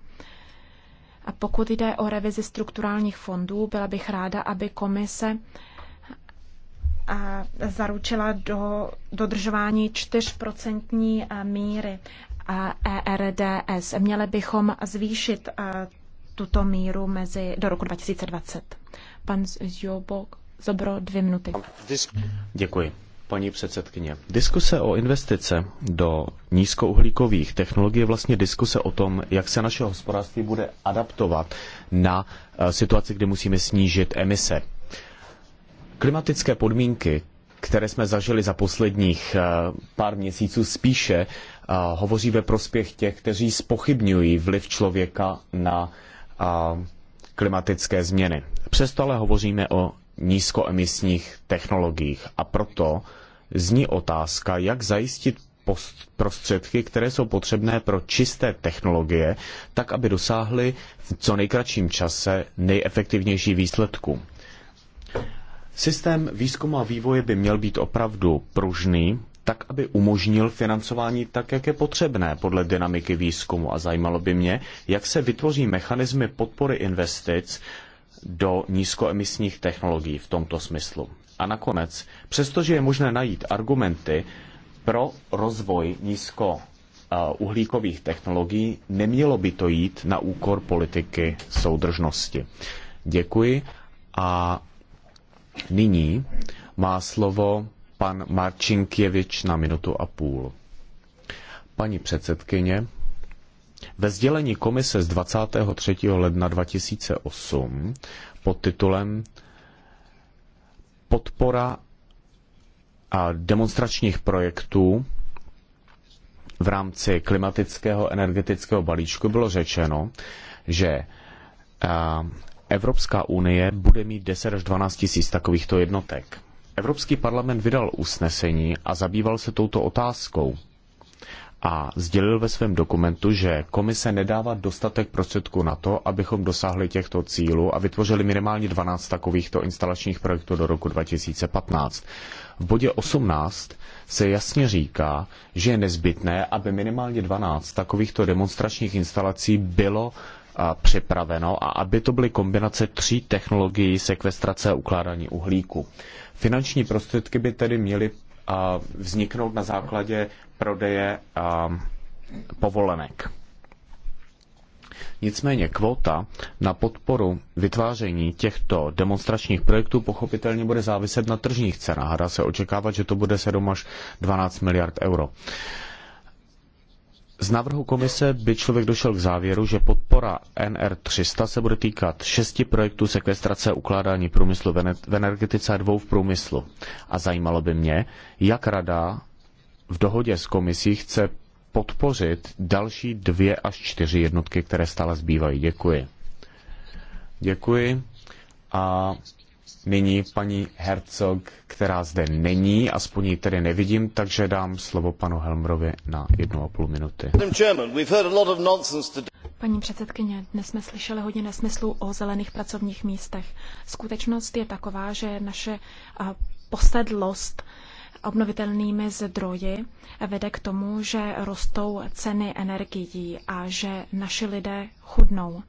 A pokud jde o revizi strukturálních fondů, byla bych ráda, aby komise a zaručila do dodržování 4% e, míry ERDS. Měli bychom zvýšit e, tuto míru mezi, do roku 2020. Pan Zjobok Zobro, dvě minuty. Děkuji. Paní předsedkyně, diskuse o investice do nízkouhlíkových technologií je vlastně diskuse o tom, jak se naše hospodářství bude adaptovat na eh, situaci, kdy musíme snížit emise. Klimatické podmínky, které jsme zažili za posledních eh, pár měsíců spíše, eh, hovoří ve prospěch těch, kteří spochybňují vliv člověka na a klimatické změny. Přesto ale hovoříme o nízkoemisních technologiích a proto zní otázka, jak zajistit prostředky, které jsou potřebné pro čisté technologie, tak aby dosáhly v co nejkratším čase nejefektivnější výsledku. Systém výzkumu a vývoje by měl být opravdu pružný tak aby umožnil financování tak, jak je potřebné podle dynamiky výzkumu. A zajímalo by mě, jak se vytvoří mechanismy podpory investic do nízkoemisních technologií v tomto smyslu. A nakonec, přestože je možné najít argumenty pro rozvoj nízko uh, uhlíkových technologií, nemělo by to jít na úkor politiky soudržnosti. Děkuji a nyní má slovo pan Marčinkěvič na minutu a půl. Paní předsedkyně, ve sdělení komise z 23. ledna 2008 pod titulem Podpora a demonstračních projektů v rámci klimatického energetického balíčku bylo řečeno, že Evropská unie bude mít 10 až 12 tisíc takovýchto jednotek. Evropský parlament vydal usnesení a zabýval se touto otázkou a sdělil ve svém dokumentu, že komise nedává dostatek prostředků na to, abychom dosáhli těchto cílů a vytvořili minimálně 12 takovýchto instalačních projektů do roku 2015. V bodě 18 se jasně říká, že je nezbytné, aby minimálně 12 takovýchto demonstračních instalací bylo připraveno a aby to byly kombinace tří technologií sekvestrace a ukládání uhlíku. Finanční prostředky by tedy měly vzniknout na základě prodeje povolenek. Nicméně kvota na podporu vytváření těchto demonstračních projektů pochopitelně bude záviset na tržních cenách. Dá se očekávat, že to bude 7 až 12 miliard euro. Z návrhu komise by člověk došel k závěru, že podpora NR300 se bude týkat šesti projektů sekvestrace a ukládání průmyslu v energetice a dvou v průmyslu. A zajímalo by mě, jak rada v dohodě s komisí chce podpořit další dvě až čtyři jednotky, které stále zbývají. Děkuji. Děkuji. A nyní paní Herzog, která zde není, aspoň ji tedy nevidím, takže dám slovo panu Helmrovi na jednu a půl minuty. Paní předsedkyně, dnes jsme slyšeli hodně nesmyslů o zelených pracovních místech. Skutečnost je taková, že naše posedlost obnovitelnými zdroji vede k tomu, že rostou ceny energií a že naši lidé chudnou.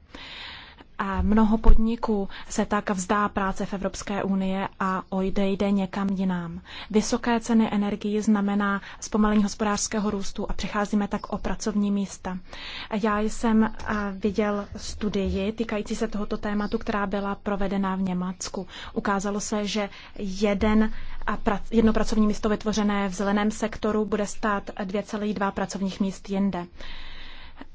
Mnoho podniků se tak vzdá práce v Evropské unie a ojde jde někam jinam. Vysoké ceny energii znamená zpomalení hospodářského růstu a přecházíme tak o pracovní místa. Já jsem viděl studii týkající se tohoto tématu, která byla provedena v Německu. Ukázalo se, že jeden a prac, jedno pracovní místo vytvořené v zeleném sektoru bude stát 2,2 pracovních míst jinde.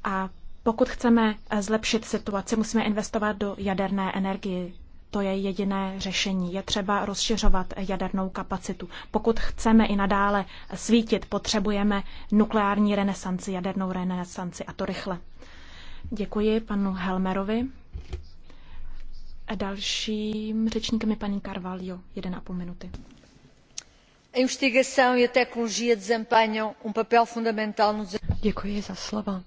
A pokud chceme eh, zlepšit situaci, musíme investovat do jaderné energie. To je jediné řešení. Je třeba rozšiřovat jadernou kapacitu. Pokud chceme i nadále svítit, potřebujeme nukleární renesanci, jadernou renesanci a to rychle. Děkuji panu Helmerovi. A dalším řečníkem je paní Carvalho, 1,5 minuty. A e tecnologia um no Děkuji za slovo.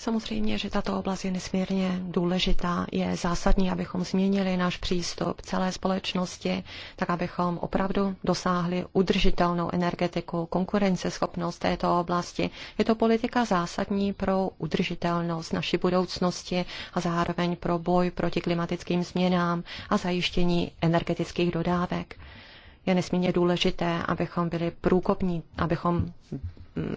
Samozřejmě, že tato oblast je nesmírně důležitá. Je zásadní, abychom změnili náš přístup celé společnosti, tak abychom opravdu dosáhli udržitelnou energetiku, konkurenceschopnost této oblasti. Je to politika zásadní pro udržitelnost naší budoucnosti a zároveň pro boj proti klimatickým změnám a zajištění energetických dodávek je nesmírně důležité, abychom byli průkopní, abychom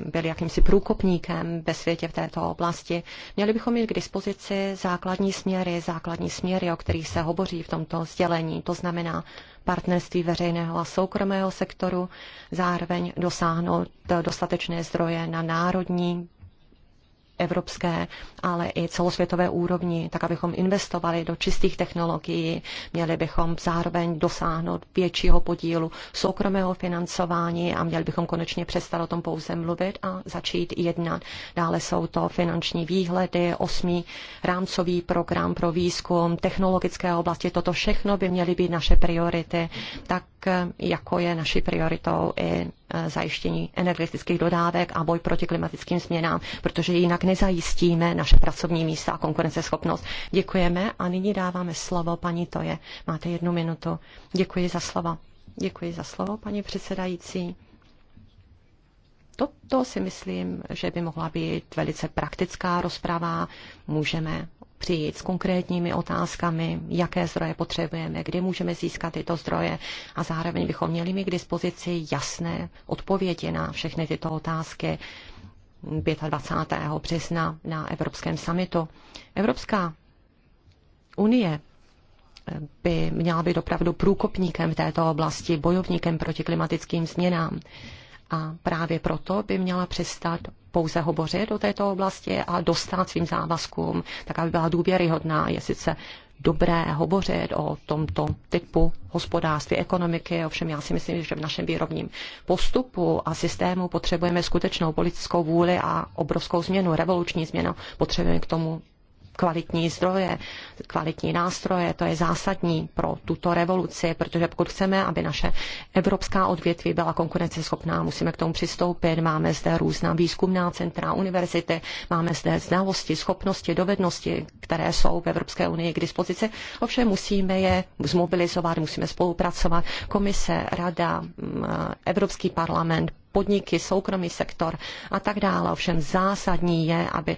byl jakýmsi průkopníkem ve světě v této oblasti. Měli bychom mít k dispozici základní směry, základní směry, o kterých se hovoří v tomto sdělení. To znamená partnerství veřejného a soukromého sektoru, zároveň dosáhnout dostatečné zdroje na národní evropské, ale i celosvětové úrovni, tak abychom investovali do čistých technologií, měli bychom zároveň dosáhnout většího podílu soukromého financování a měli bychom konečně přestat o tom pouze mluvit a začít jednat. Dále jsou to finanční výhledy, osmý rámcový program pro výzkum, technologické oblasti, toto všechno by měly být naše priority, tak jako je naší prioritou i e, zajištění energetických dodávek a boj proti klimatickým změnám, protože jinak nezajistíme naše pracovní místa a konkurenceschopnost. Děkujeme a nyní dáváme slovo paní Toje. Máte jednu minutu. Děkuji za slovo. Děkuji za slovo, paní předsedající. Toto si myslím, že by mohla být velice praktická rozprava. Můžeme přijít s konkrétními otázkami, jaké zdroje potřebujeme, kde můžeme získat tyto zdroje a zároveň bychom měli mít k dispozici jasné odpovědi na všechny tyto otázky 25. března na Evropském samitu. Evropská unie by měla být opravdu průkopníkem v této oblasti, bojovníkem proti klimatickým změnám a právě proto by měla přestat pouze hovořit o této oblasti a dostat svým závazkům, tak aby byla důvěryhodná. Je sice dobré hovořit o tomto typu hospodářství, ekonomiky, ovšem já si myslím, že v našem výrobním postupu a systému potřebujeme skutečnou politickou vůli a obrovskou změnu, revoluční změnu. Potřebujeme k tomu kvalitní zdroje, kvalitní nástroje, to je zásadní pro tuto revoluci, protože pokud chceme, aby naše evropská odvětví byla konkurenceschopná, musíme k tomu přistoupit. Máme zde různá výzkumná centra, univerzity, máme zde znalosti, schopnosti, dovednosti, které jsou v Evropské unii k dispozici. Ovšem musíme je zmobilizovat, musíme spolupracovat. Komise, rada, mm, Evropský parlament, podniky, soukromý sektor a tak dále. Ovšem zásadní je, aby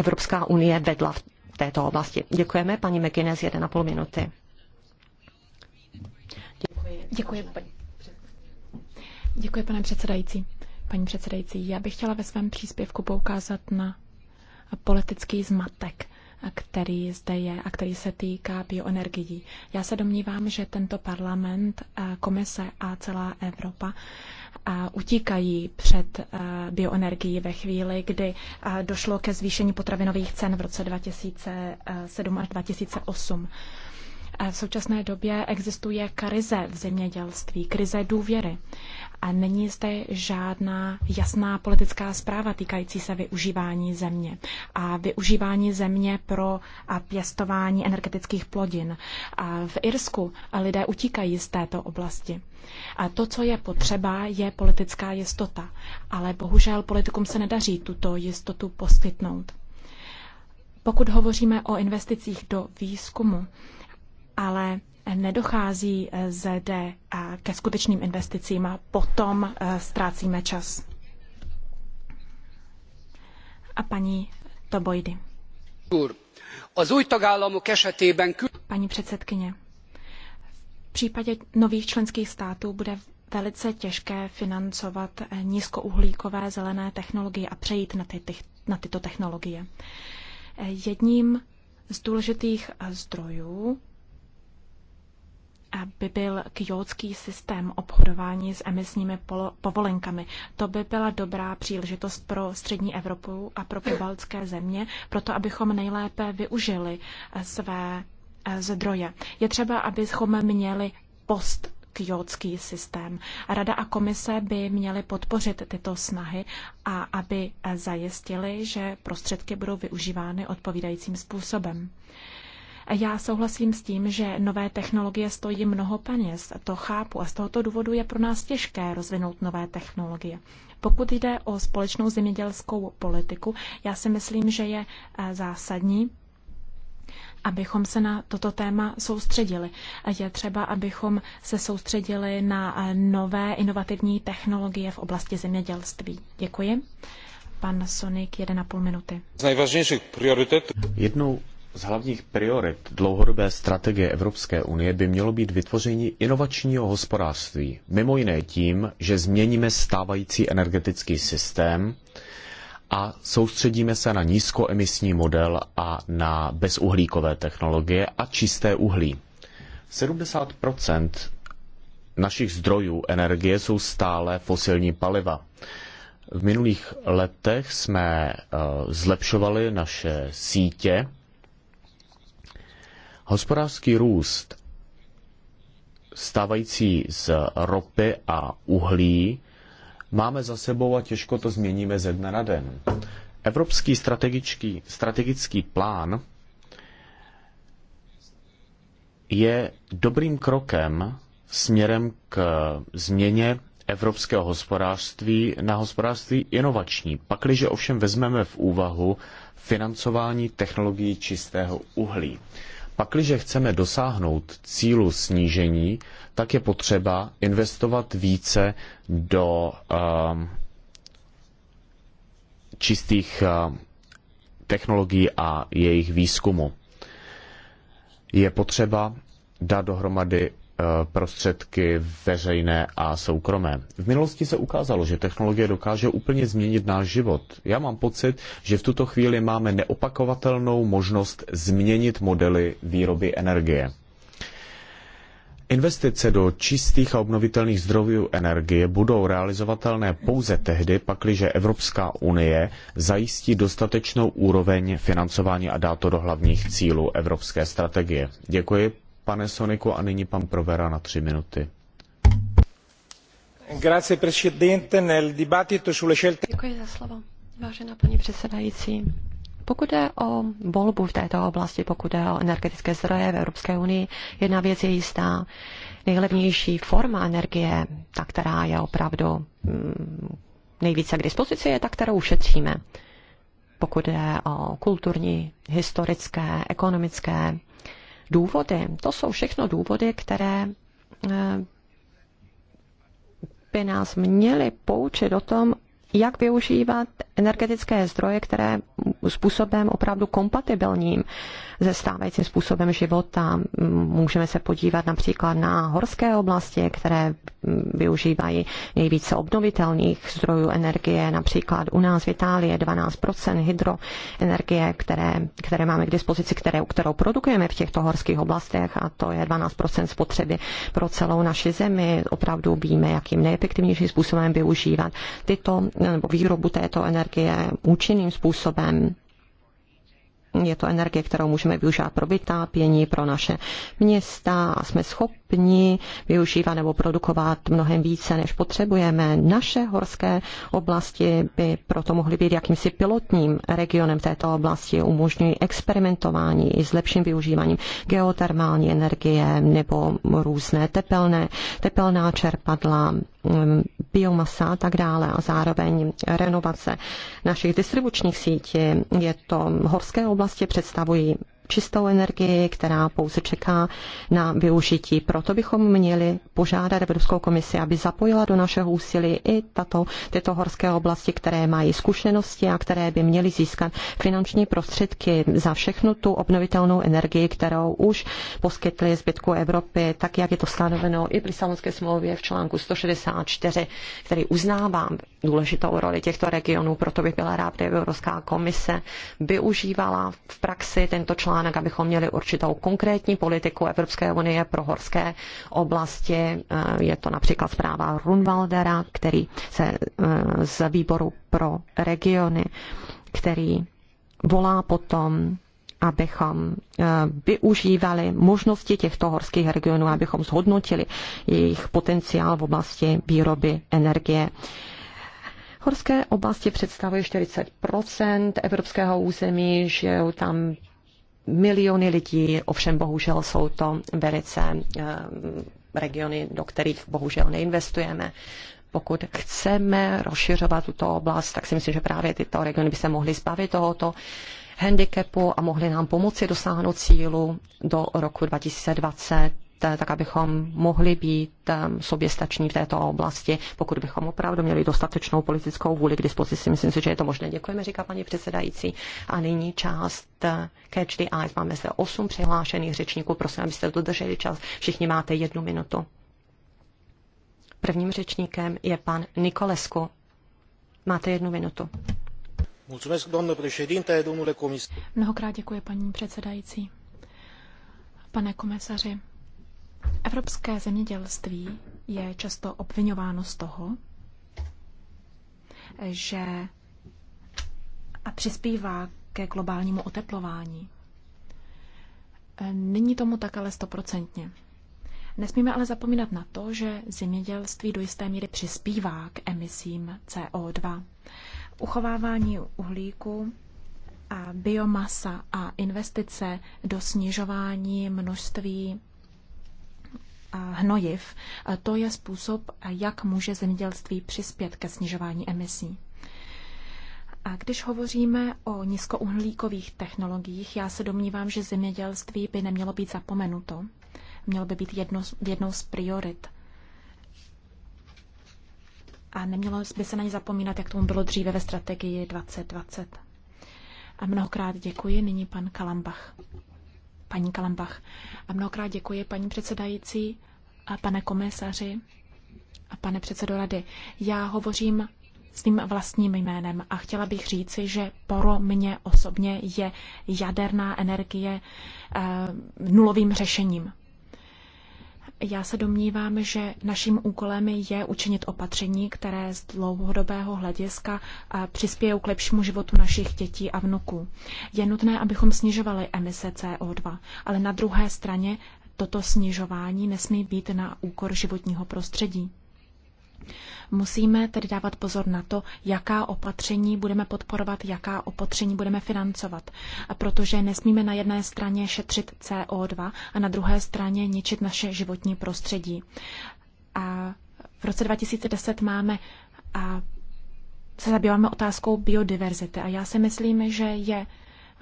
Evropská unie vedla v této oblasti. Děkujeme, paní McInnes, půl minuty. Děkuji. Děkuji, Děkuji, pane předsedající. Paní předsedající, já bych chtěla ve svém příspěvku poukázat na politický zmatek, který zde je a který se týká bioenergií. Já se domnívám, že tento parlament, eh, komise a celá Evropa a utíkají před eh, bioenergií ve chvíli, kdy eh, došlo ke zvýšení potravinových cen v roce 2007 eh, až 2008. V současné době existuje krize v zemědělství, krize důvěry. A není zde žádná jasná politická zpráva týkající se využívání země a využívání země pro pěstování energetických plodin. A v Irsku lidé utíkají z této oblasti. A to, co je potřeba, je politická jistota, ale bohužel politikům se nedaří tuto jistotu poskytnout. Pokud hovoříme o investicích do výzkumu, ale nedochází eh, zde eh, ke skutečným investicím a potom eh, ztrácíme čas. A paní Tobojdy. Paní předsedkyně, v případě nových členských států bude velice těžké financovat nízkouhlíkové zelené technologie a přejít na, ty, na tyto technologie. Jedním z důležitých zdrojů by byl kjótský systém obchodování s emisními povolenkami. To by byla dobrá příležitost pro střední Evropu a pro pobaltské země, proto abychom nejlépe využili eh, své eh, zdroje. Je třeba, abychom měli post kjótský systém. Rada a komise by měly podpořit tyto snahy a aby eh, zajistili, že prostředky budou využívány odpovídajícím způsobem. Já souhlasím s tím, že nové technologie stojí mnoho peněz, to chápu a z tohoto důvodu je pro nás těžké rozvinout nové technologie. Pokud jde o společnou zemědělskou politiku, já si myslím, že je eh, zásadní, abychom se na toto téma soustředili. Je třeba, abychom se soustředili na eh, nové inovativní technologie v oblasti zemědělství. Děkuji. Pan Sonik, 1,5 minuty. Z nejvážnějších priorit. Jednou z hlavních priorit dlouhodobé strategie Evropské unie by mělo být vytvoření inovačního hospodářství, mimo jiné tím, že změníme stávající energetický systém a soustředíme se na nízkoemisní model a na bezuhlíkové technologie a čisté uhlí. 70 našich zdrojů energie jsou stále fosilní paliva. V minulých letech jsme eh, zlepšovali naše sítě, Hospodářský růst stávající z ropy a uhlí máme za sebou a těžko to změníme ze dne na den. Evropský strategický, strategický plán je dobrým krokem směrem k změně evropského hospodářství na hospodářství inovační. Pakliže ovšem vezmeme v úvahu financování technologií čistého uhlí. Pakliže chceme dosáhnout cílu snížení, tak je potřeba investovat více do um, čistých uh, technologií a jejich výzkumu. Je potřeba dát dohromady Eh, prostředky veřejné a soukromé. V minulosti se ukázalo, že technologie dokáže úplně změnit náš život. Já mám pocit, že v tuto chvíli máme neopakovatelnou možnost změnit modely výroby energie. Investice do čistých a obnovitelných zdrojů energie budou realizovatelné pouze tehdy, pakliže Evropská unie zajistí dostatečnou úroveň financování a dá to do hlavních cílů Evropské strategie. Děkuji, pane Soniku, a nyní pan Provera na tři minuty. Děkuji za slovo, vážená paní předsedající. Pokud jde o volbu v této oblasti, pokud jde o energetické zdroje v Evropské unii, jedna věc je jistá. Nejlevnější forma energie, ta, která je opravdu mm, nejvíce k dispozici, je ta, kterou ušetříme. Pokud jde o kulturní, historické, ekonomické důvody. To jsou všechno důvody, které eh, by nás měly poučit o tom, jak využívat energetické zdroje, které způsobem opravdu kompatibilním ze stávajícím způsobem života. Můžeme se podívat například na horské oblasti, které využívají nejvíce obnovitelných zdrojů energie, například u nás v Itálii 12% hydroenergie, které, které máme k dispozici, které, kterou produkujeme v těchto horských oblastech a to je 12% spotřeby pro celou naši zemi. Opravdu víme, jakým nejefektivnějším způsobem využívat tyto, nebo výrobu této energie účinným způsobem je to energie, kterou můžeme využívat pro vytápění, pro naše města a jsme schopni využívat nebo produkovat mnohem více, než potřebujeme. Naše horské oblasti by proto mohly být jakýmsi pilotním regionem této oblasti, umožňují experimentování i s lepším využíváním geotermální energie nebo různé tepelné, tepelná čerpadla, Mm, biomasa a tak dále a zároveň renovace našich distribučních sítí. Je to horské oblasti, představují čistou energii, která pouze čeká na využití. Proto bychom měli požádat Evropskou komisi, aby zapojila do našeho úsilí i tato, tyto horské oblasti, které mají zkušenosti a které by měly získat finanční prostředky za všechnu tu obnovitelnou energii, kterou už poskytli zbytku Evropy, tak jak je to stanoveno i při Lisabonské smlouvě v článku 164, který uznávám důležitou roli těchto regionů. Proto bych byla ráda, aby Evropská komise využívala v praxi tento článek článek, abychom měli určitou konkrétní politiku Evropské unie pro horské oblasti. Eh, je to například zpráva Runwaldera, který se eh, z výboru pro regiony, který volá potom abychom eh, využívali možnosti těchto horských regionů, abychom zhodnotili jejich potenciál v oblasti výroby energie. Horské oblasti představují 40 evropského území, žijou tam miliony lidí, ovšem bohužel jsou to velice eh, regiony, do kterých bohužel neinvestujeme. Pokud chceme rozšiřovat tuto oblast, tak si myslím, že právě tyto regiony by se mohly zbavit tohoto handicapu a mohly nám pomoci dosáhnout cílu do roku 2020 Eh, tak abychom mohli být eh, soběstační v této oblasti, pokud bychom opravdu měli dostatečnou politickou vůli k dispozici. Myslím si, že je to možné. Děkujeme, říká paní předsedající. A nyní část eh, Catch the Eyes. Máme zde osm přihlášených řečníků. Prosím, abyste dodrželi čas. Všichni máte jednu minutu. Prvním řečníkem je pan Nikolesku. Máte jednu minutu. Mnohokrát děkuji, paní předsedající. Pane komisaři, Evropské zemědělství je často obvinováno z toho, že a přispívá ke globálnímu oteplování. Není tomu tak ale stoprocentně. Nesmíme ale zapomínat na to, že zemědělství do jisté míry přispívá k emisím CO2. Uchovávání uhlíku a biomasa a investice do snižování množství hnojiv, to je způsob, jak může zemědělství přispět ke snižování emisí. A když hovoříme o nízkouhlíkových technologiích, já se domnívám, že zemědělství by nemělo být zapomenuto. Mělo by být jedno, jednou z priorit. A nemělo by se na ně zapomínat, jak tomu bylo dříve ve strategii 2020. A mnohokrát děkuji. Nyní pan Kalambach paní Kalambach. A mnohokrát děkuji paní předsedající a pane komisaři a pane předsedo rady. Já hovořím svým vlastním jménem a chtěla bych říci, že pro mě osobně je jaderná energie e, nulovým řešením. Já se domnívám, že naším úkolem je učinit opatření, které z dlouhodobého hlediska eh, přispějí k lepšímu životu našich dětí a vnuků. Je nutné, abychom snižovali emise CO2, ale na druhé straně toto snižování nesmí být na úkor životního prostředí. Musíme tedy dávat pozor na to, jaká opatření budeme podporovat, jaká opatření budeme financovat, protože nesmíme na jedné straně šetřit CO2 a na druhé straně ničit naše životní prostředí. A v roce 2010 máme a se zabýváme otázkou biodiverzity a já si myslím, že je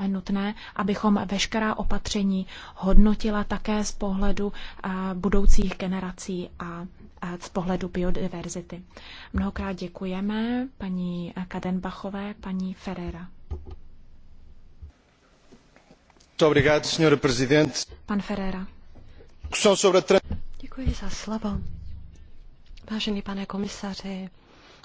nutné, abychom veškerá opatření hodnotila také z pohledu eh, budoucích generací a eh, z pohledu biodiverzity. Mnohokrát děkujeme paní Kadenbachové, paní Ferrera. Pan Ferrera. Děkuji za slovo. Vážený pane komisaři,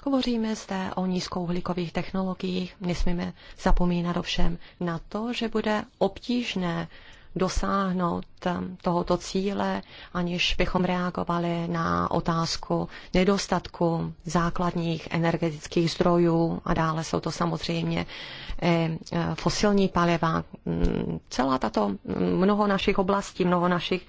Hovoříme zde o nízkouhlíkových technologiích, nesmíme zapomínat ovšem na to, že bude obtížné dosáhnout um, tohoto cíle, aniž bychom reagovali na otázku nedostatku základních energetických zdrojů a dále jsou to samozřejmě eh, eh, fosilní paliva. Mm, celá tato mm, mnoho našich oblastí, mnoho našich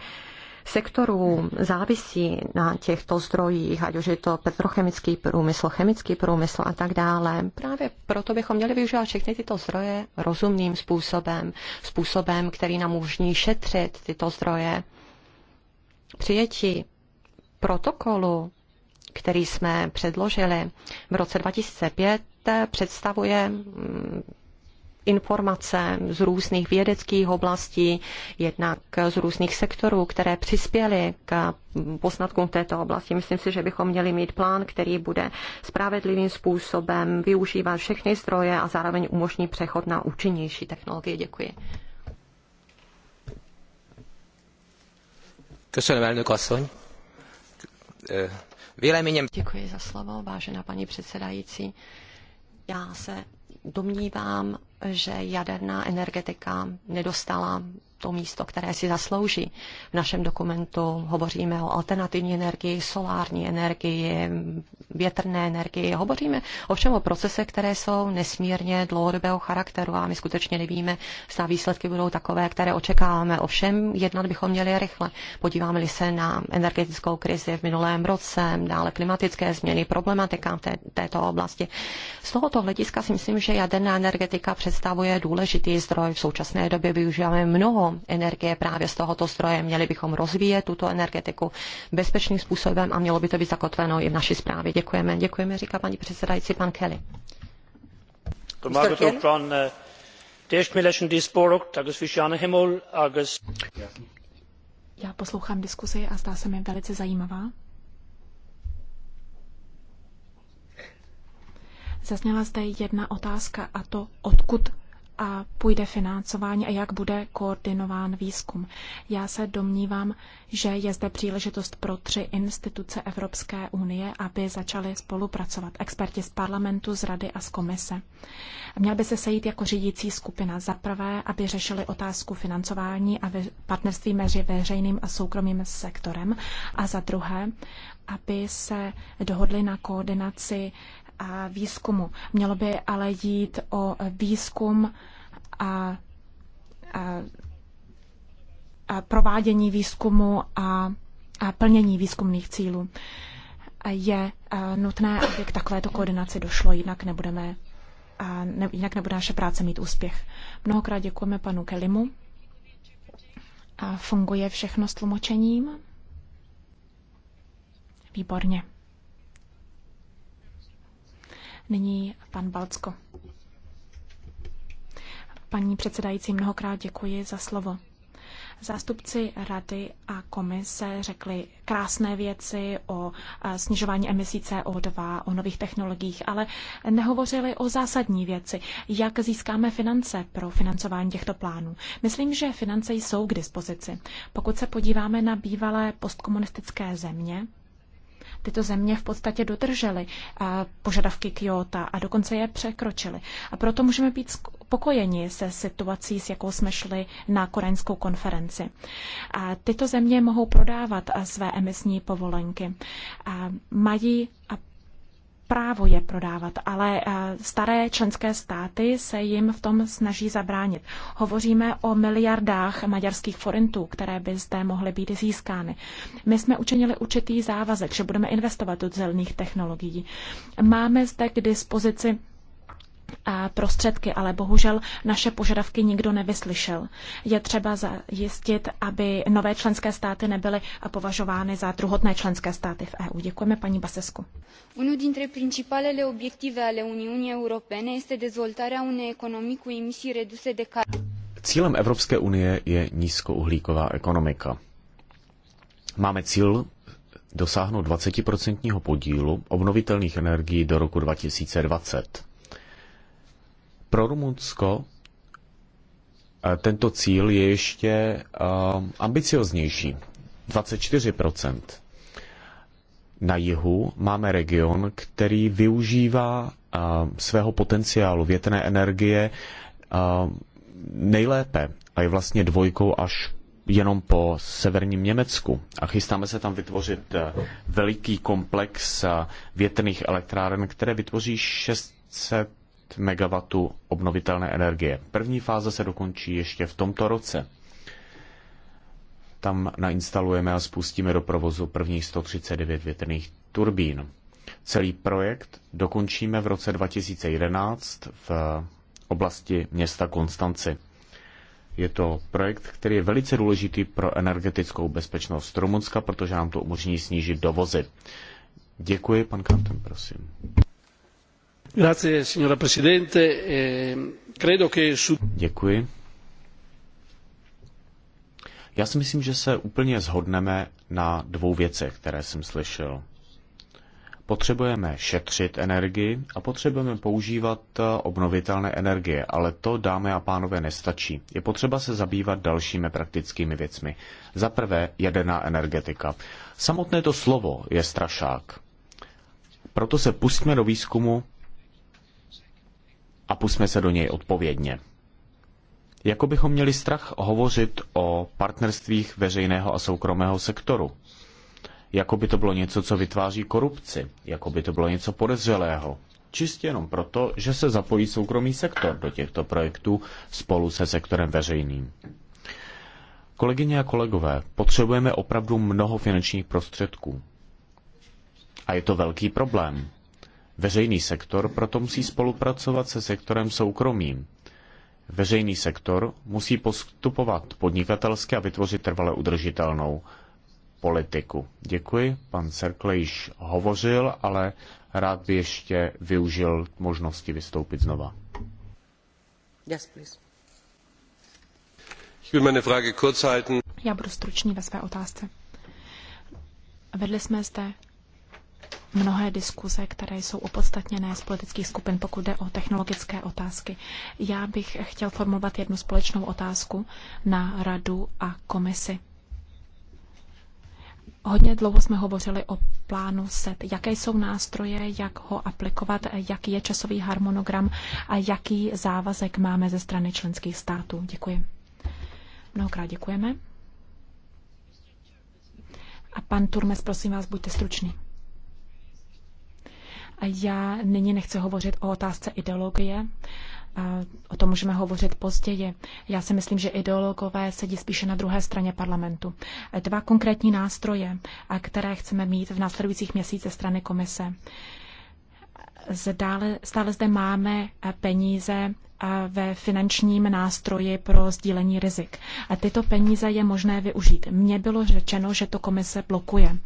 sektorů závisí na těchto zdrojích, ať už je to petrochemický průmysl, chemický průmysl a tak dále. Právě proto bychom měli využívat všechny tyto zdroje rozumným způsobem, způsobem, který nám umožní šetřit tyto zdroje. Přijetí protokolu, který jsme předložili v roce 2005, představuje mm, informace z různých vědeckých oblastí, jednak z různých sektorů, které přispěly k poznatkům v této oblasti. Myslím si, že bychom měli mít plán, který bude spravedlivým způsobem využívat všechny zdroje a zároveň umožní přechod na účinnější technologie. Děkuji. Děkuji za slovo, vážená paní předsedající. Já se domnívám, že jaderná energetika nedostala to místo, které si zaslouží. V našem dokumentu hovoříme o alternativní energii, solární energii, větrné energii. Hovoříme ovšem o procesech, které jsou nesmírně dlouhodobého charakteru a my skutečně nevíme, zda výsledky budou takové, které očekáváme. Ovšem jednat bychom měli rychle. Podíváme-li se na energetickou krizi v minulém roce, dále klimatické změny, problematika v té, této oblasti. Z tohoto hlediska si myslím, že jaderná energetika představuje důležitý zdroj. V současné době využíváme mnoho mnoho energie právě z tohoto stroje. Měli bychom rozvíjet tuto energetiku bezpečným způsobem a mělo by to být zakotveno i v naší zprávě. Děkujeme. Děkujeme, říká paní předsedající, pan Kelly. Äh, Já poslouchám diskuzi a zdá se mi velice zajímavá. Zazněla zde jedna otázka a to, odkud a půjde financování a jak bude koordinován výzkum. Já se domnívám, že je zde příležitost pro tři instituce Evropské unie, aby začaly spolupracovat. Experti z parlamentu, z rady a z komise. Měl by se sejít jako řídící skupina za prvé, aby řešili otázku financování a partnerství mezi veřejným a soukromým sektorem a za druhé, aby se dohodli na koordinaci a výzkumu. Mělo by ale jít o výzkum a, a, a provádění výzkumu a, a plnění výzkumných cílů. Je nutné, aby k takovéto koordinaci došlo, jinak nebudeme a ne, jinak nebude naše práce mít úspěch. Mnohokrát děkujeme panu Kelimu. A funguje všechno s tlumočením? Výborně. Nyní pan Balcko. Paní předsedající, mnohokrát děkuji za slovo. Zástupci rady a komise řekli krásné věci o eh, snižování emisí CO2, o nových technologiích, ale nehovořili o zásadní věci, jak získáme finance pro financování těchto plánů. Myslím, že finance jsou k dispozici. Pokud se podíváme na bývalé postkomunistické země, tyto země v podstatě dodržely eh, požadavky Kyoto a dokonce je překročily. A proto můžeme být spokojeni se situací, s jakou jsme šli na koreňskou konferenci. A tyto země mohou prodávat eh, své emisní povolenky. A mají právo je prodávat, ale eh, staré členské státy se jim v tom snaží zabránit. Hovoříme o miliardách maďarských forintů, které by zde mohly být získány. My jsme učinili určitý závazek, že budeme investovat do zelených technologií. Máme zde k dispozici prostředky, ale bohužel naše požadavky nikdo nevyslyšel. Je třeba zajistit, aby nové členské státy nebyly považovány za druhotné členské státy v EU. Děkujeme paní Basesku. Unul dintre principalele obiective ale Uniunii Europene este dezvoltarea unei economii cu emisii reduse de carbon. Cílem Evropské unie je nízkouhlíková ekonomika. Máme cíl dosáhnout 20% podílu obnovitelných energií do roku 2020. Pro Rumunsko eh, tento cíl je ještě eh, ambicioznější. 24%. Na jihu máme region, který využívá eh, svého potenciálu větrné energie nejlépe a je vlastně dvojkou až jenom po severním Německu. A chystáme se tam vytvořit veliký komplex větrných elektráren, které vytvoří 600 MW obnovitelné energie. První fáze se dokončí ještě v tomto roce. Tam nainstalujeme a spustíme do provozu prvních 139 větrných turbín. Celý projekt dokončíme v roce 2011 v oblasti města Konstanci. Je to projekt, který je velice důležitý pro energetickou bezpečnost Rumunska, protože nám to umožní snížit dovozy. Děkuji, pan Kanten, prosím. Eh, Já si myslím, že se úplně shodneme na dvou věcech, které jsem slyšel. Potřebujeme šetřit energii a potřebujeme používat eh, obnovitelné energie, ale to, dámy a pánové, nestačí. Je potřeba se zabývat dalšími praktickými věcmi. Za prvé, jaderná energetika. Samotné to slovo je strašák. Proto se pustíme do výzkumu a pusme se do něj odpovědně. Jako bychom měli strach hovořit o partnerstvích veřejného a soukromého sektoru. Jako by to bylo něco, co vytváří korupci. Jako by to bylo něco podezřelého. Čistě jenom proto, že se zapojí soukromý sektor do těchto projektů spolu se sektorem veřejným. Kolegyně a kolegové, potřebujeme opravdu mnoho finančních prostředků. A je to velký problém. Veřejný sektor proto musí spolupracovat se sektorem soukromým. Veřejný sektor musí postupovat podnikatelsky a vytvořit trvale udržitelnou politiku. Děkuji, pan Cerkle již hovořil, ale rád by ještě využil možnosti vystoupit znova. Yes, please. Já budu stručný ve své otázce. Vedli jsme zde mnohé diskuze, které jsou opodstatněné z politických skupin, pokud jde o technologické otázky. Já bych chtěl formulovat jednu společnou otázku na radu a komisi. Hodně dlouho jsme hovořili o plánu SET. Jaké jsou nástroje, jak ho aplikovat, jaký je časový harmonogram a jaký závazek máme ze strany členských států. Děkuji. Mnohokrát děkujeme. A pan Turmes, prosím vás, buďte stručný. Já nyní nechci hovořit o otázce ideologie, o tom můžeme hovořit později. Já si myslím, že ideologové sedí spíše na druhé straně parlamentu. Dva konkrétní nástroje, které chceme mít v následujících měsících strany komise. Zdále, stále zde máme peníze ve finančním nástroji pro sdílení rizik. A tyto peníze je možné využít. Mně bylo řečeno, že to komise blokuje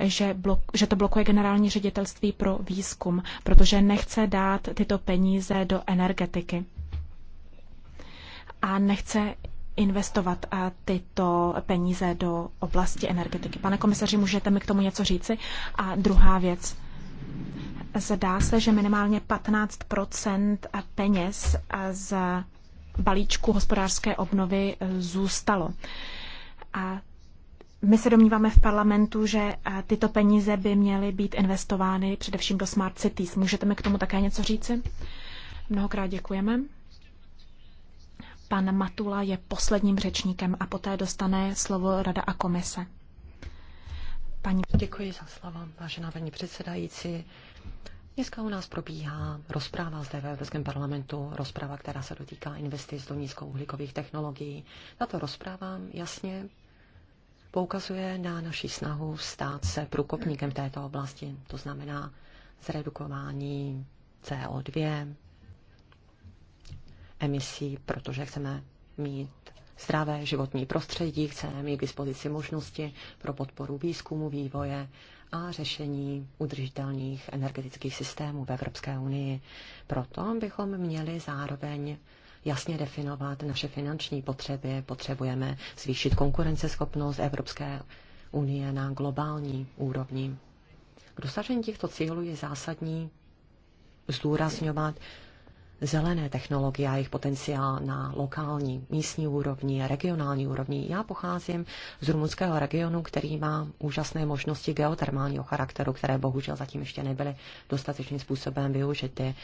že, blok, že to blokuje generální ředitelství pro výzkum, protože nechce dát tyto peníze do energetiky a nechce investovat a tyto peníze do oblasti energetiky. Pane komisaři, můžete mi k tomu něco říci? A druhá věc. Zdá se, že minimálně 15 peněz z balíčku hospodářské obnovy zůstalo. A my se domníváme v parlamentu, že eh, tyto peníze by měly být investovány především do smart cities. Můžete mi k tomu také něco říci? Mnohokrát děkujeme. Pan Matula je posledním řečníkem a poté dostane slovo Rada a komise. Paní... Děkuji za slovo, vážená paní předsedající. Dneska u nás probíhá rozpráva zde ve Evropském parlamentu, rozpráva, která se dotýká investic do nízkouhlíkových technologií. Tato rozpráva jasně poukazuje na naši snahu stát se průkopníkem této oblasti, to znamená zredukování CO2, emisí, protože chceme mít zdravé životní prostředí, chceme mít k dispozici možnosti pro podporu výzkumu, vývoje a řešení udržitelných energetických systémů v Evropské unii. Proto bychom měli zároveň jasně definovat naše finanční potřeby. Potřebujeme zvýšit konkurenceschopnost Evropské unie na globální úrovni. K dosažení těchto cílů je zásadní zdůrazňovat zelené technologie a jejich potenciál na lokální, místní úrovni, regionální úrovni. Já pocházím z rumunského regionu, který má úžasné možnosti geotermálního charakteru, které bohužel zatím ještě nebyly dostatečným způsobem využity.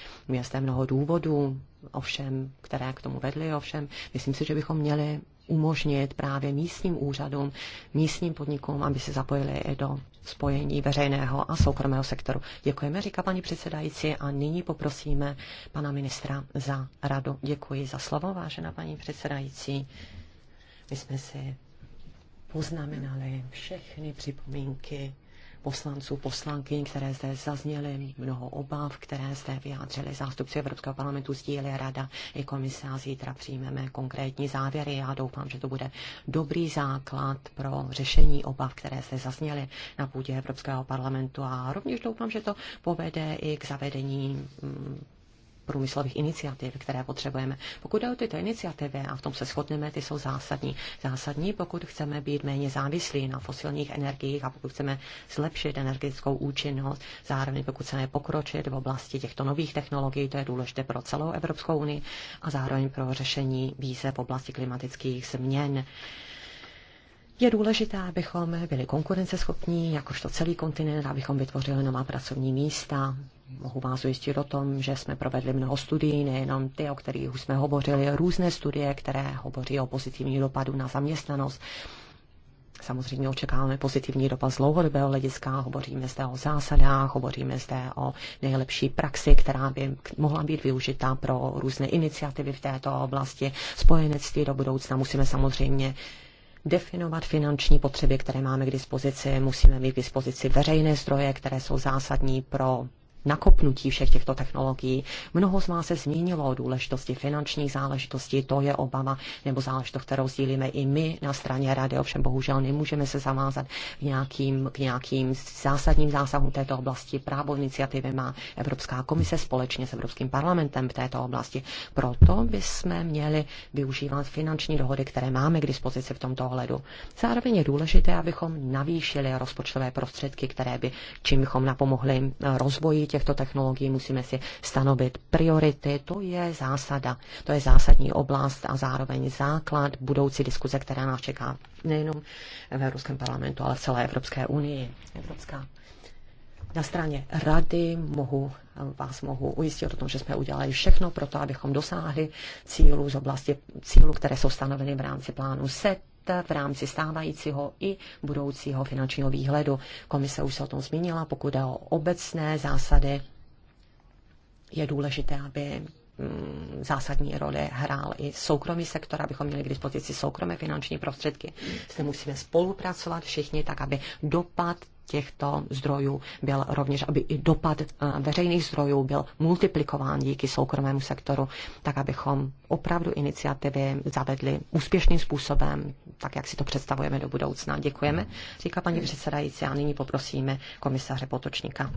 Je mnoho důvodů, ovšem, které k tomu vedly, ovšem, myslím si, že bychom měli umožnit právě místním úřadům, místním podnikům, aby se zapojili i do spojení veřejného a soukromého sektoru. Děkujeme, říká paní předsedající, a nyní poprosíme pana ministra za radu. Děkuji za slovo, vážená paní předsedající. My jsme si poznamenali všechny připomínky poslanců, poslankyň, které zde zazněly, mnoho obav, které zde vyjádřili zástupci Evropského parlamentu, sdílí Rada i komise a zítra přijmeme konkrétní závěry. Já doufám, že to bude dobrý základ pro řešení obav, které zde zazněly na půdě Evropského parlamentu a rovněž doufám, že to povede i k zavedení mm, průmyslových iniciativ, které potřebujeme. Pokud jde o tyto iniciativy, a v tom se shodneme, ty jsou zásadní. Zásadní, pokud chceme být méně závislí na fosilních energiích a pokud chceme zlepšit energetickou účinnost, zároveň pokud chceme pokročit v oblasti těchto nových technologií, to je důležité pro celou Evropskou unii a zároveň pro řešení výzev v oblasti klimatických změn. Je důležité, abychom byli konkurenceschopní, jakožto celý kontinent, abychom vytvořili nová pracovní místa. Mohu vás ujistit o tom, že jsme provedli mnoho studií, nejenom ty, o kterých už jsme hovořili, různé studie, které hovoří o pozitivní dopadu na zaměstnanost. Samozřejmě očekáváme pozitivní dopad z dlouhodobého hlediska, hovoříme zde o zásadách, hovoříme zde o nejlepší praxi, která by mohla být využita pro různé iniciativy v této oblasti, spojenectví do budoucna. Musíme samozřejmě definovat finanční potřeby, které máme k dispozici, musíme mít k dispozici veřejné zdroje, které jsou zásadní pro nakopnutí všech těchto technologií. Mnoho z vás se zmínilo o důležitosti finanční záležitosti, to je obava, nebo záležitost, kterou sdílíme i my na straně rady, ovšem bohužel nemůžeme se zavázat k nějakým, k nějakým zásadním zásahům této oblasti. Právo iniciativy má Evropská komise společně s Evropským parlamentem v této oblasti. Proto bychom měli využívat finanční dohody, které máme k dispozici v tomto ohledu. Zároveň je důležité, abychom navýšili rozpočtové prostředky, které by, čím bychom napomohli rozvoji těch těchto technologií, musíme si stanovit priority. To je zásada, to je zásadní oblast a zároveň základ budoucí diskuze, která nás čeká nejenom v Evropském parlamentu, ale v celé Evropské unii. Evropská na straně rady mohu, vás mohu ujistit o tom, že jsme udělali všechno pro to, abychom dosáhli cílů z oblasti cílů, které jsou stanoveny v rámci plánu SET v rámci stávajícího i budoucího finančního výhledu. Komise už se o tom zmínila, pokud je o obecné zásady, je důležité, aby mm, zásadní roli hrál i soukromý sektor, abychom měli k dispozici soukromé finanční prostředky. Zde musíme spolupracovat všichni, tak aby dopad těchto zdrojů byl rovněž, aby i dopad eh, veřejných zdrojů byl multiplikován díky soukromému sektoru, tak abychom opravdu iniciativy zavedli úspěšným způsobem, tak jak si to představujeme do budoucna. Děkujeme, říká paní předsedající a nyní poprosíme komisaře Potočníka.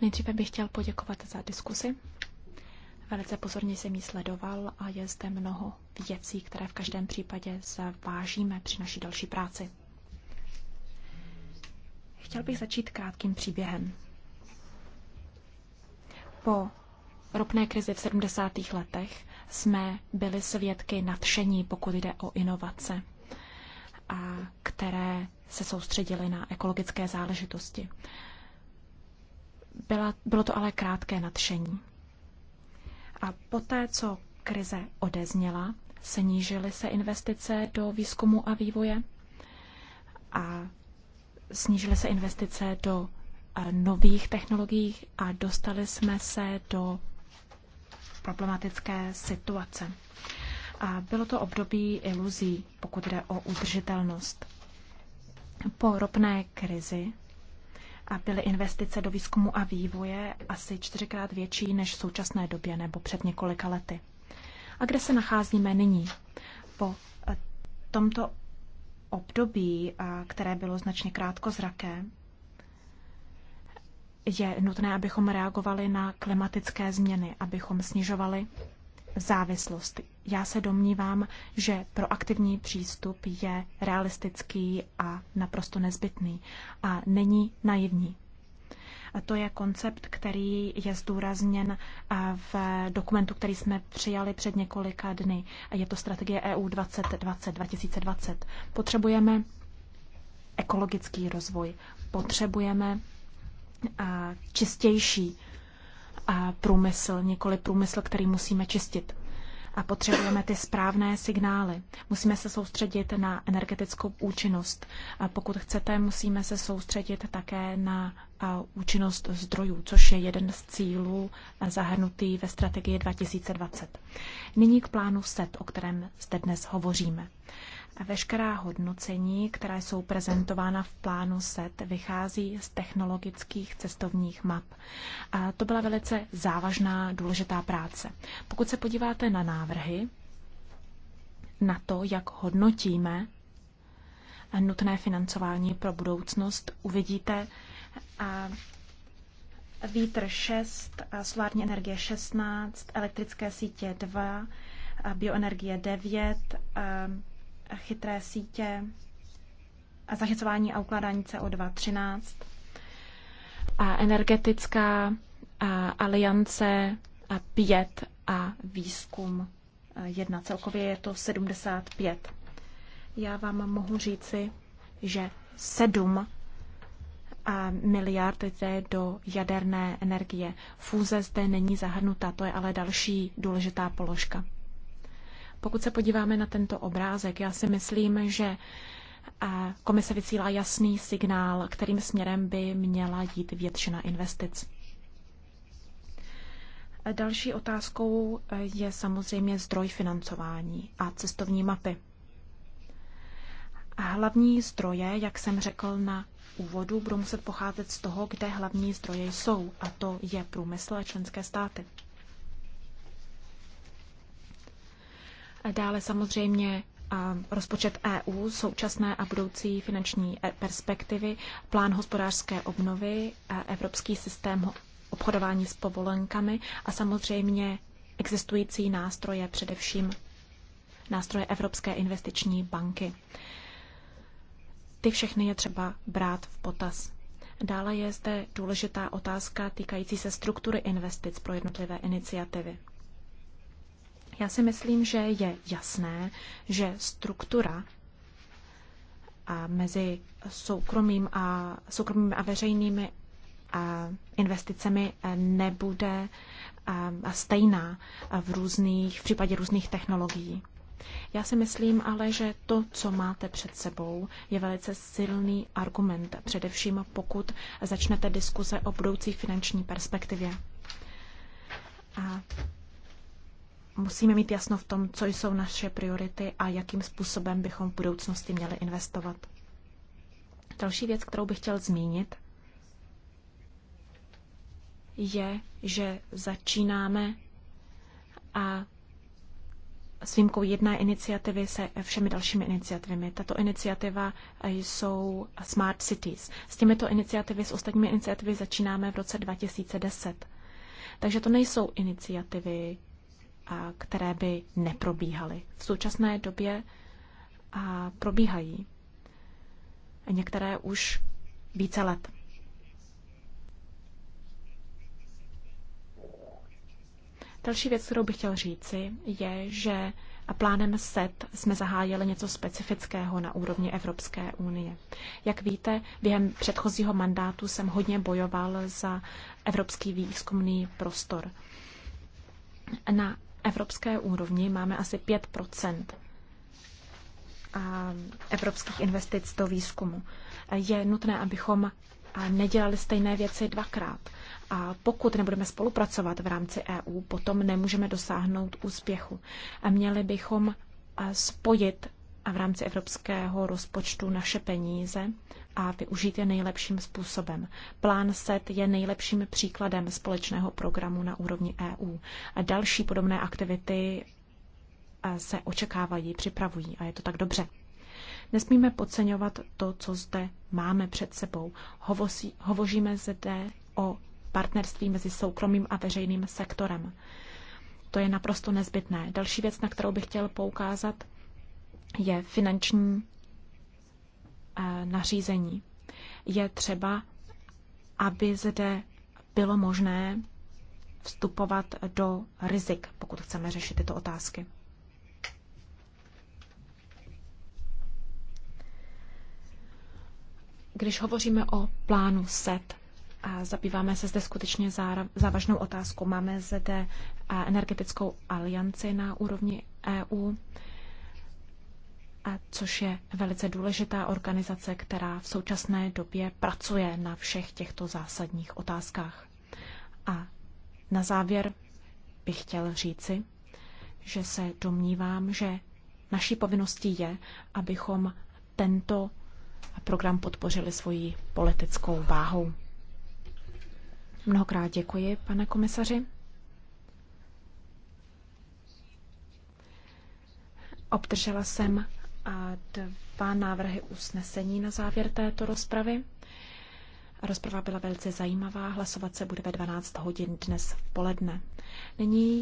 Nejdříve bych chtěl poděkovat za diskusi. Velice pozorně jsem ji sledoval a je zde mnoho věcí, které v každém případě zvážíme při naší další práci. Chtěl bych začít krátkým příběhem. Po ropné krizi v 70. letech jsme byli svědky nadšení, pokud jde o inovace, a které se soustředily na ekologické záležitosti. Byla, bylo to ale krátké nadšení. A poté, co krize odezněla, snížily se investice do výzkumu a vývoje a snížily se investice do eh, nových technologií a dostali jsme se do problematické situace. A bylo to období iluzí, pokud jde o udržitelnost. Po ropné krizi a byly investice do výzkumu a vývoje asi čtyřikrát větší než v současné době nebo před několika lety. A kde se nacházíme nyní? Po eh, tomto období, které bylo značně krátkozraké, je nutné, abychom reagovali na klimatické změny, abychom snižovali závislost. Já se domnívám, že proaktivní přístup je realistický a naprosto nezbytný a není naivní. To je koncept, který je zdůrazněn v dokumentu, který jsme přijali před několika dny. Je to strategie EU 2020, 2020. Potřebujeme ekologický rozvoj. Potřebujeme čistější průmysl, nikoli průmysl, který musíme čistit. A potřebujeme ty správné signály. Musíme se soustředit na energetickou účinnost. A pokud chcete, musíme se soustředit také na a účinnost zdrojů, což je jeden z cílů zahrnutý ve strategii 2020. Nyní k plánu SET, o kterém zde dnes hovoříme. Veškerá hodnocení, která jsou prezentována v plánu SET, vychází z technologických cestovních map. A to byla velice závažná, důležitá práce. Pokud se podíváte na návrhy, na to, jak hodnotíme nutné financování pro budoucnost, uvidíte, a vítr 6, solární energie 16, elektrické sítě 2, a bioenergie 9, a chytré sítě, a zachycování a ukládání CO2 13, a energetická a aliance a 5 a výzkum 1. Celkově je to 75. Já vám mohu říci, že 7 miliard jde do jaderné energie. Fúze zde není zahrnuta, to je ale další důležitá položka. Pokud se podíváme na tento obrázek, já si myslím, že komise vysílá jasný signál, kterým směrem by měla jít většina investic. Další otázkou je samozřejmě zdroj financování a cestovní mapy. Hlavní zdroje, jak jsem řekl na úvodu, budou muset pocházet z toho, kde hlavní zdroje jsou, a to je průmysl a členské státy. A dále samozřejmě a rozpočet EU, současné a budoucí finanční e, perspektivy, plán hospodářské obnovy, evropský systém obchodování s povolenkami a samozřejmě existující nástroje, především nástroje Evropské investiční banky. Ty všechny je třeba brát v potaz. Dále je zde důležitá otázka týkající se struktury investic pro jednotlivé iniciativy. Já si myslím, že je jasné, že struktura a mezi soukromým a, soukromými a veřejnými a investicemi eh, nebude a eh, stejná v, různých, v případě různých technologií. Já si myslím ale, že to, co máte před sebou, je velice silný argument, především pokud začnete diskuze o budoucí finanční perspektivě. A musíme mít jasno v tom, co jsou naše priority a jakým způsobem bychom v budoucnosti měli investovat. Další věc, kterou bych chtěl zmínit, je, že začínáme a s výjimkou jedné iniciativy se všemi dalšími iniciativami. Tato iniciativa eh, jsou Smart Cities. S těmito iniciativy, s ostatními iniciativy začínáme v roce 2010. Takže to nejsou iniciativy, které by neprobíhaly. V současné době probíhají. Některé už více let. Další věc, kterou bych chtěl říci, je, že a plánem SET jsme zahájili něco specifického na úrovni Evropské unie. Jak víte, během předchozího mandátu jsem hodně bojoval za evropský výzkumný prostor. Na evropské úrovni máme asi 5 evropských investic do výzkumu. Je nutné, abychom nedělali stejné věci dvakrát. A pokud nebudeme spolupracovat v rámci EU, potom nemůžeme dosáhnout úspěchu. A měli bychom spojit v rámci evropského rozpočtu naše peníze a využít je nejlepším způsobem. Plán SET je nejlepším příkladem společného programu na úrovni EU. A další podobné aktivity se očekávají, připravují a je to tak dobře. Nesmíme podceňovat to, co zde máme před sebou. Hovosí, hovoříme zde o partnerství mezi soukromým a veřejným sektorem. To je naprosto nezbytné. Další věc, na kterou bych chtěl poukázat, je finanční eh, nařízení. Je třeba, aby zde bylo možné vstupovat do rizik, pokud chceme řešit tyto otázky. Když hovoříme o plánu SET, a zabýváme se zde skutečně závažnou otázkou. Máme zde energetickou alianci na úrovni EU, a což je velice důležitá organizace, která v současné době pracuje na všech těchto zásadních otázkách. A na závěr bych chtěl říci, že se domnívám, že naší povinností je, abychom tento program podpořili svojí politickou váhou. Mnohokrát děkuji, pane komisaři. Obdržela jsem dva návrhy usnesení na závěr této rozpravy. Rozprava byla velice zajímavá, hlasovat se bude ve 12 hodin dnes v poledne. Nyní